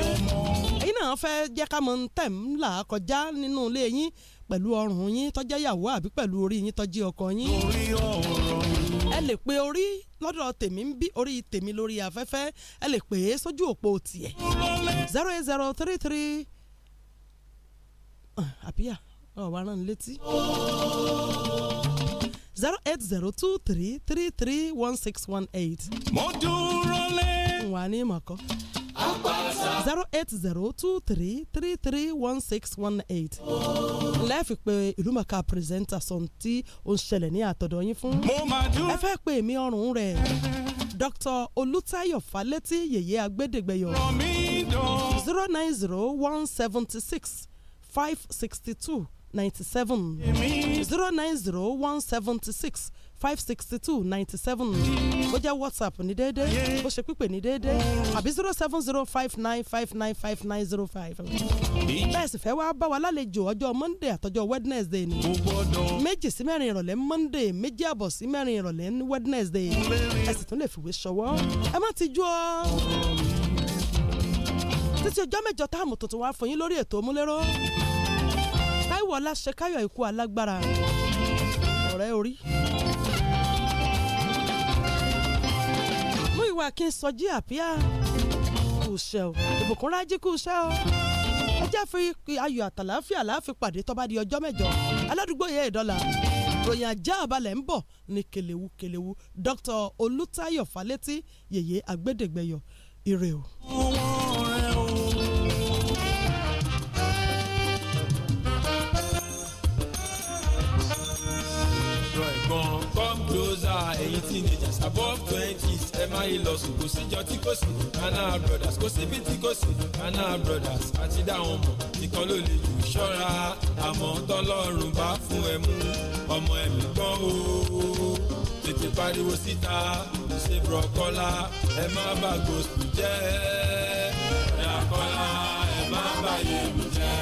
èyí náà fẹ́ jẹ́ ká mọ̀ ń tẹ̀ ń là kọjá nínú ilé yín pẹ̀lú ọrùn yín tọ́jẹ́ yàwó àbí pẹ̀lú orí yín tọ́jú ọkọ yín ẹ lè pe orí lọ́dọ̀ tèmi ń bí orí tèmi lórí afẹ́fẹ́ ẹ lè pè é sójú òpó tiẹ̀ zero eight zero three three àbíyà ọ̀rọ̀ wa rán létí. zero eight zero two three three three one six one eight. mo dúró lé. wà ní ìmọ̀ kọ́. zero eight zero two three three three one six one eight. lẹ́ẹ̀fì pé ìlúmọ̀ká pírẹsẹ́ńtà sọ̀n tí ó ń ṣẹlẹ̀ ní àtọ̀dọ̀ yín fún. mo máa dúró. ẹ fẹ́ pè mí ọrùn rẹ̀. Dr. Olutayo Faleti yèyé agbẹ́dẹ́gbẹ́yọ. zero nine zero one seventy six five sixty two ninety seven zero nine zero one seventy six five sixty two ninety seven bó jẹ́ whatsapp ní déédé bó ṣe pípé ní déédé àbí zero seven zero five nine five nine five nine zero five. bẹ́ẹ̀ sì fẹ́ wá bá wa lálejò ọjọ́ monday àtọjọ́ wednesday ni méjì sí mẹ́rin ìrọ̀lẹ́ monday méjì àbọ̀ sí mẹ́rin ìrọ̀lẹ́ wednesday ẹ sì tún lè fìwé ṣọwọ́ ẹ má ti jó ọ́ títí ọjọ́ mẹ́jọ táàmù tuntun wá fún yín lórí ètò òmúléró Táíwò Ọláṣẹkáyọ̀ ikú alágbára ọ̀rẹ́ orí. mú ìwà kí n sọjí àpíà kù ṣe o ìbùkún rájí kù ṣe o ẹ fi ayọ̀ àtàláfíà láàfin pàdé tó bá di ọjọ́ mẹ́jọ aládùúgbò yẹ ìdọ́là ròyìn ajá àbálẹ̀ ń bọ̀ ní kelewu kelewu Dr. Olùtayọ̀ Fálétí yèyé agbẹ́dẹ́gbẹ́yọ̀ ire o. above twenties ẹ má yí lọ sùn kò síjọ tí kò sí Hannah brothers kò síbi tí kò sí Hannah brothers àti dáhùn mọ̀ nìkan ló lè jù ṣọ́ra àmọ́ tọ́lọ́run bá fún ẹ mú ọmọ ẹ̀mí gbọ́n o tètè pariwo síta kò ṣe brọkọ́lá ẹ má bà gospel jẹ́ brọkọ́lá ẹ má bà yẹ̀mí jẹ́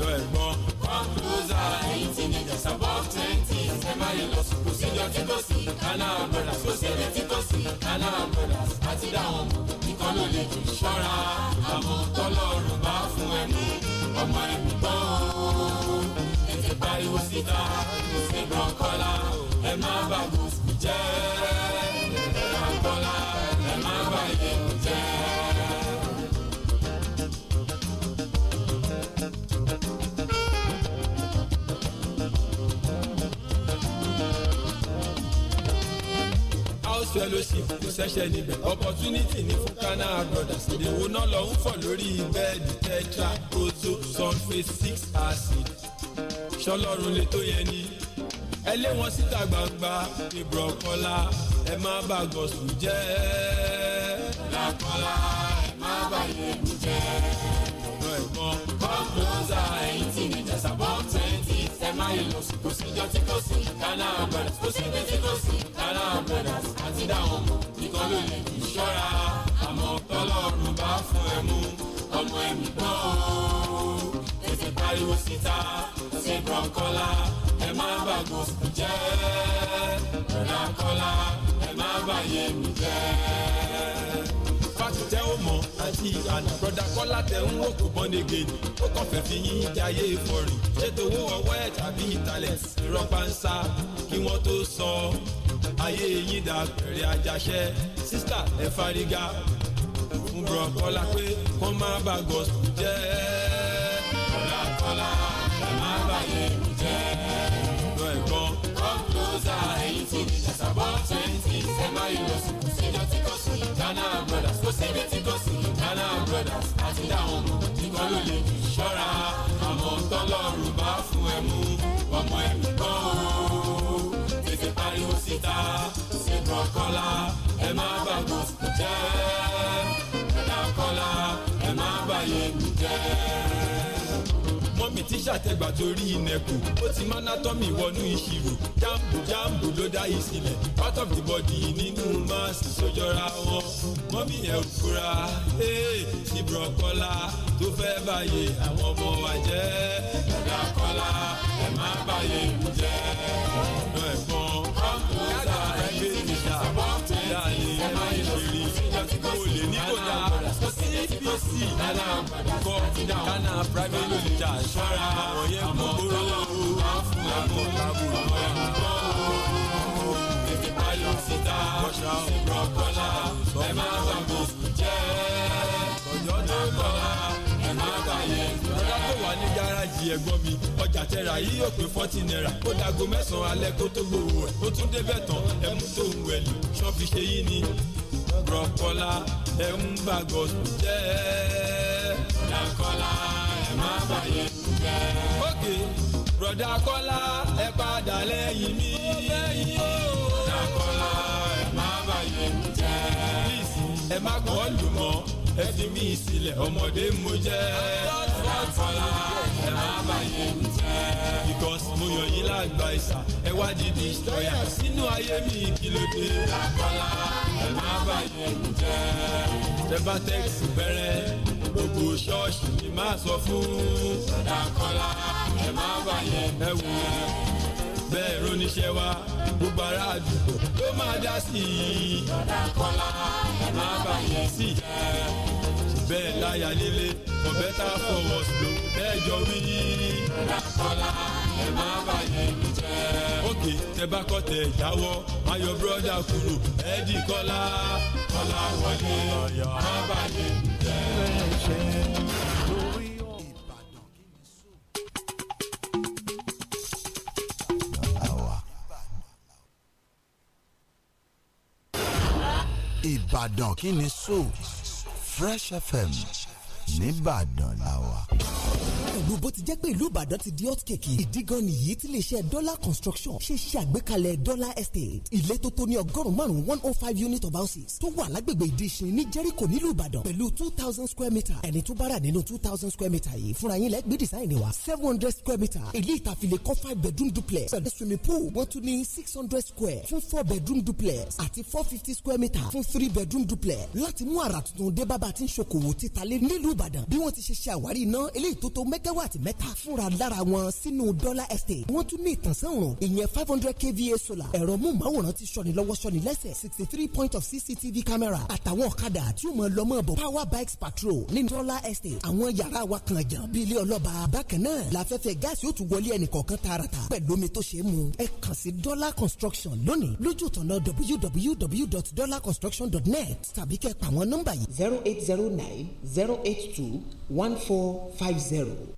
lọ ẹ̀gbọ́n kọ́ńtúzà yìí it's above twenty ẹ má yẹ lọ sùn kò síjọ tí kò sí Canal Brothers kò sẹ́ni tí kò sí Canal Brothers àti dáhùn ìkan ló lè ẹ má bàgùn jẹ́. fellowship kò ṣẹ̀ṣẹ̀ níbẹ̀ opportunity ni fún Ghana brothers ìdèwò náà lọ ń fọ̀ lórí bẹ́ẹ̀dì tetra proto sulfate six acid ṣọlọ́run lè tó yẹ ni ẹ lé wọn síta gbangba ìbùrọ̀ kọ́lá ẹ má bà gọ̀sùn jẹ́ làkọ́lá ẹ má bà yẹ̀mú jẹ́ ọ̀rọ̀ ẹ̀gbọ́n come ẹ̀yìn tí ní jẹ́sà bọ́ọ̀ twenty ẹ má yẹ lọ sí kò síjọ́ tí kò sí brothers kò síbi tí kò Banana brothers àti dáhùn nìkan ló lè fi ṣọ́ra àmọ́ tọ́lọ́run bá fún ẹ mú ọmọ ẹ̀mí gbọ́n o tètè pariwo síta ṣe Broncola ẹ má bà gospel jẹ́ Bọ̀dá Kọ́lá ẹ má bà yẹmi jẹ́ tẹ ó mọ àti ìyànà broda kọ́lá tẹ ń wò kó bọ́n nege ni ó kàn fẹ́ fi yín jayé ìfọ̀rìn ṣètò owó ọwọ́ ẹ̀ tàbí ìtàlẹ̀ ìrọ́pá ń sá kí wọ́n tó sọ ayé yín dà pẹ̀rẹ̀ àjàṣẹ́ sísítà ẹ̀ fárígá fún bùrọ̀ kọ́lá pé kó má bà jẹ́ kọ́lá kọ́lá. ṣàtẹ̀gbà torí inẹ̀kù ó ti mánátọ́mì wọnú ìṣirò jáàmù jáàmù ló dá ìsìlẹ̀ part of the body nínú máàsì sójọra wọn mọ́mí ẹ̀ ò fura ìbùrọ̀ kọ́lá tó fẹ́ báyé àwọn ọmọ wa jẹ́ ẹ̀dá kọ́lá ẹ̀ má báyé ìlú jẹ́ ọ̀nà ẹ̀kọ́. lọ́sì kọ́ kana, private hospital ṣọ́ra àwọn yẹn kò gbóró àwọn làbúrò tètè payọ̀ síta ṣe rọ́kọ́lá ẹ má gbàgbó jẹ́ ọjọ́ tó kọ́lá ẹ má gbàyẹ̀ lọ́dá tó wà ní gáràjì ẹ̀gbọ́n mi ọjà tẹ́ra yìí yóò pé fọ́tì náírà ó dago mẹ́sàn-án alẹ́ kó tó gbowó ẹ̀ ó tún débẹ̀ tán ẹ mú tóun ẹ̀ lò ṣọ́ọ̀bì ṣe yí ni rọ̀kọ́lá ẹ̀ ń bàgọ́ jẹ́. bọ̀dà kọ́lá ẹ̀ má bàyẹ̀ jẹ́. ókè bọ̀dà kọ́lá ẹ̀ padà lẹ́yìn mi. bọ̀dà kọ́lá ẹ̀ má bàyẹ̀ jẹ́. bíìsì ẹ má kọ́ lù mọ́ ẹ fi mí sílẹ̀ ọmọdé mo jẹ́. bọ̀dà kọ́lá má bàyẹ̀ jẹ́. because mo yàn yín lágbà ìsà ẹ wá di destroyer sínú ayé mi kí ló dé. má ẹ̀rù jẹ́. Tebatex bẹ̀rẹ̀ gbogbo ṣọ́ọ̀ṣì ni máa sọ fún. Sọ̀dà kọ́lá ẹ má bàyẹ̀ ẹ wù ú. Bẹ́ẹ̀ roníṣẹ́ wa gbogbo ará àdúgbò ló máa dá sí i. Sọ̀dà kọ́lá ẹ má bàyẹ̀ sí i. Bẹ́ẹ̀ láyà líle, ọ̀bẹ tá a fọwọ́ sí i. Bẹ́ẹ̀ jọ wí. Sọ̀dà kọ́lá ẹ má bàyẹ̀ mi jẹ́. Òkè tẹ bá kọ́ tẹ ìdáwọ́, ayọ̀ búrọ́dà kúrò, ẹ̀ẹ́dì kọ́lá. Kọ́láwọlé Abánijẹ́. Ìbàdàn kí ni sọ Fresh FM nìbàdàn làwà pẹ̀lú bó ti jẹ́ pé ìlú ìbàdàn ti di hotcake ìdígan nìyí tí iléeṣẹ́ dollar construction ṣe ṣe àgbékalẹ̀ dollar estate ilé tó tó ní ọgọ́rùn-ún márùn-ún one oh five unit of houses tó wà lágbègbè ìdíṣin ní jericho nílùú ìbàdàn pẹ̀lú two thousand square meter ẹni tó bá rà nínú two thousand square meter yìí fúnra yín lẹ́gbẹ̀ẹ́ design wa seven hundred square meter ilé ìtàfilẹ̀ kọ́ five bedroom duplex pẹ̀lú swimming pool wọ́n tún ní six hundred square fún four bedroom duplex àti four fifty square meter fún three bedroom duplex láti mú àrà tuntun dé bábà tí ń ṣokòwò títalé nílùú ìbàdàn bí wọ́n ti ṣe ṣe àwárí iná eléyìí tó tó mẹ́gà mẹ́gáwàtì mẹ́ta fúnra lára wọn sínú dọ́là estate wọ́n tún ní ìtànsán òrùn ìyẹn five hundred kva solar ẹ̀rọ múmáwòrán ti sọ̀ni lọ́wọ́ sọ̀ni lẹ́sẹ̀ sixty three point of cctv camera àtàwọn ọ̀kadà tí ó mọ lọ́mọ bọ̀ power bikes patrol ní dollar estate àwọn yàrá wa kan jàn bí ilé ọlọ́ba bákan náà láfẹ́fẹ́ gáàsì ó tún wọlé ẹnìkọ̀ọ̀kan tààràtà pẹ̀lú omi tó ṣe é mu ẹ kàn sí dọ́là construction lónìí lójú tọ̀nà www.dollarconstruction.net tàbí kẹ́ pa àwọn zero eight zero nine zero eight two one four five zero.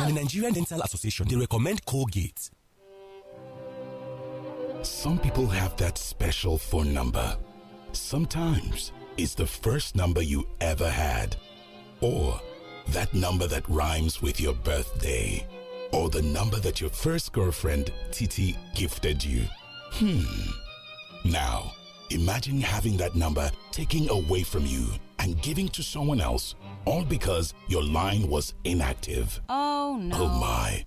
Now, the Nigerian Dental Association, they recommend Colgate. Some people have that special phone number. Sometimes it's the first number you ever had, or that number that rhymes with your birthday, or the number that your first girlfriend, Titi, gifted you. Hmm. Now, imagine having that number taken away from you and giving to someone else, all because your line was inactive. Oh no. Oh my.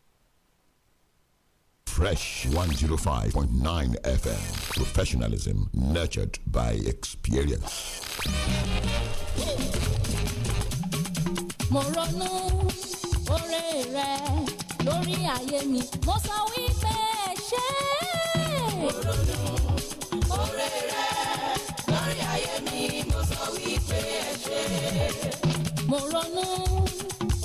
Fresh 105.9 FM. Professionalism nurtured by experience. Moronu, ronú oore rẹ lórí ayé mi, mo sọ wípé ṣé. Mo ronú rẹ lórí ayé mi, mo sọ wípé ṣé. Mo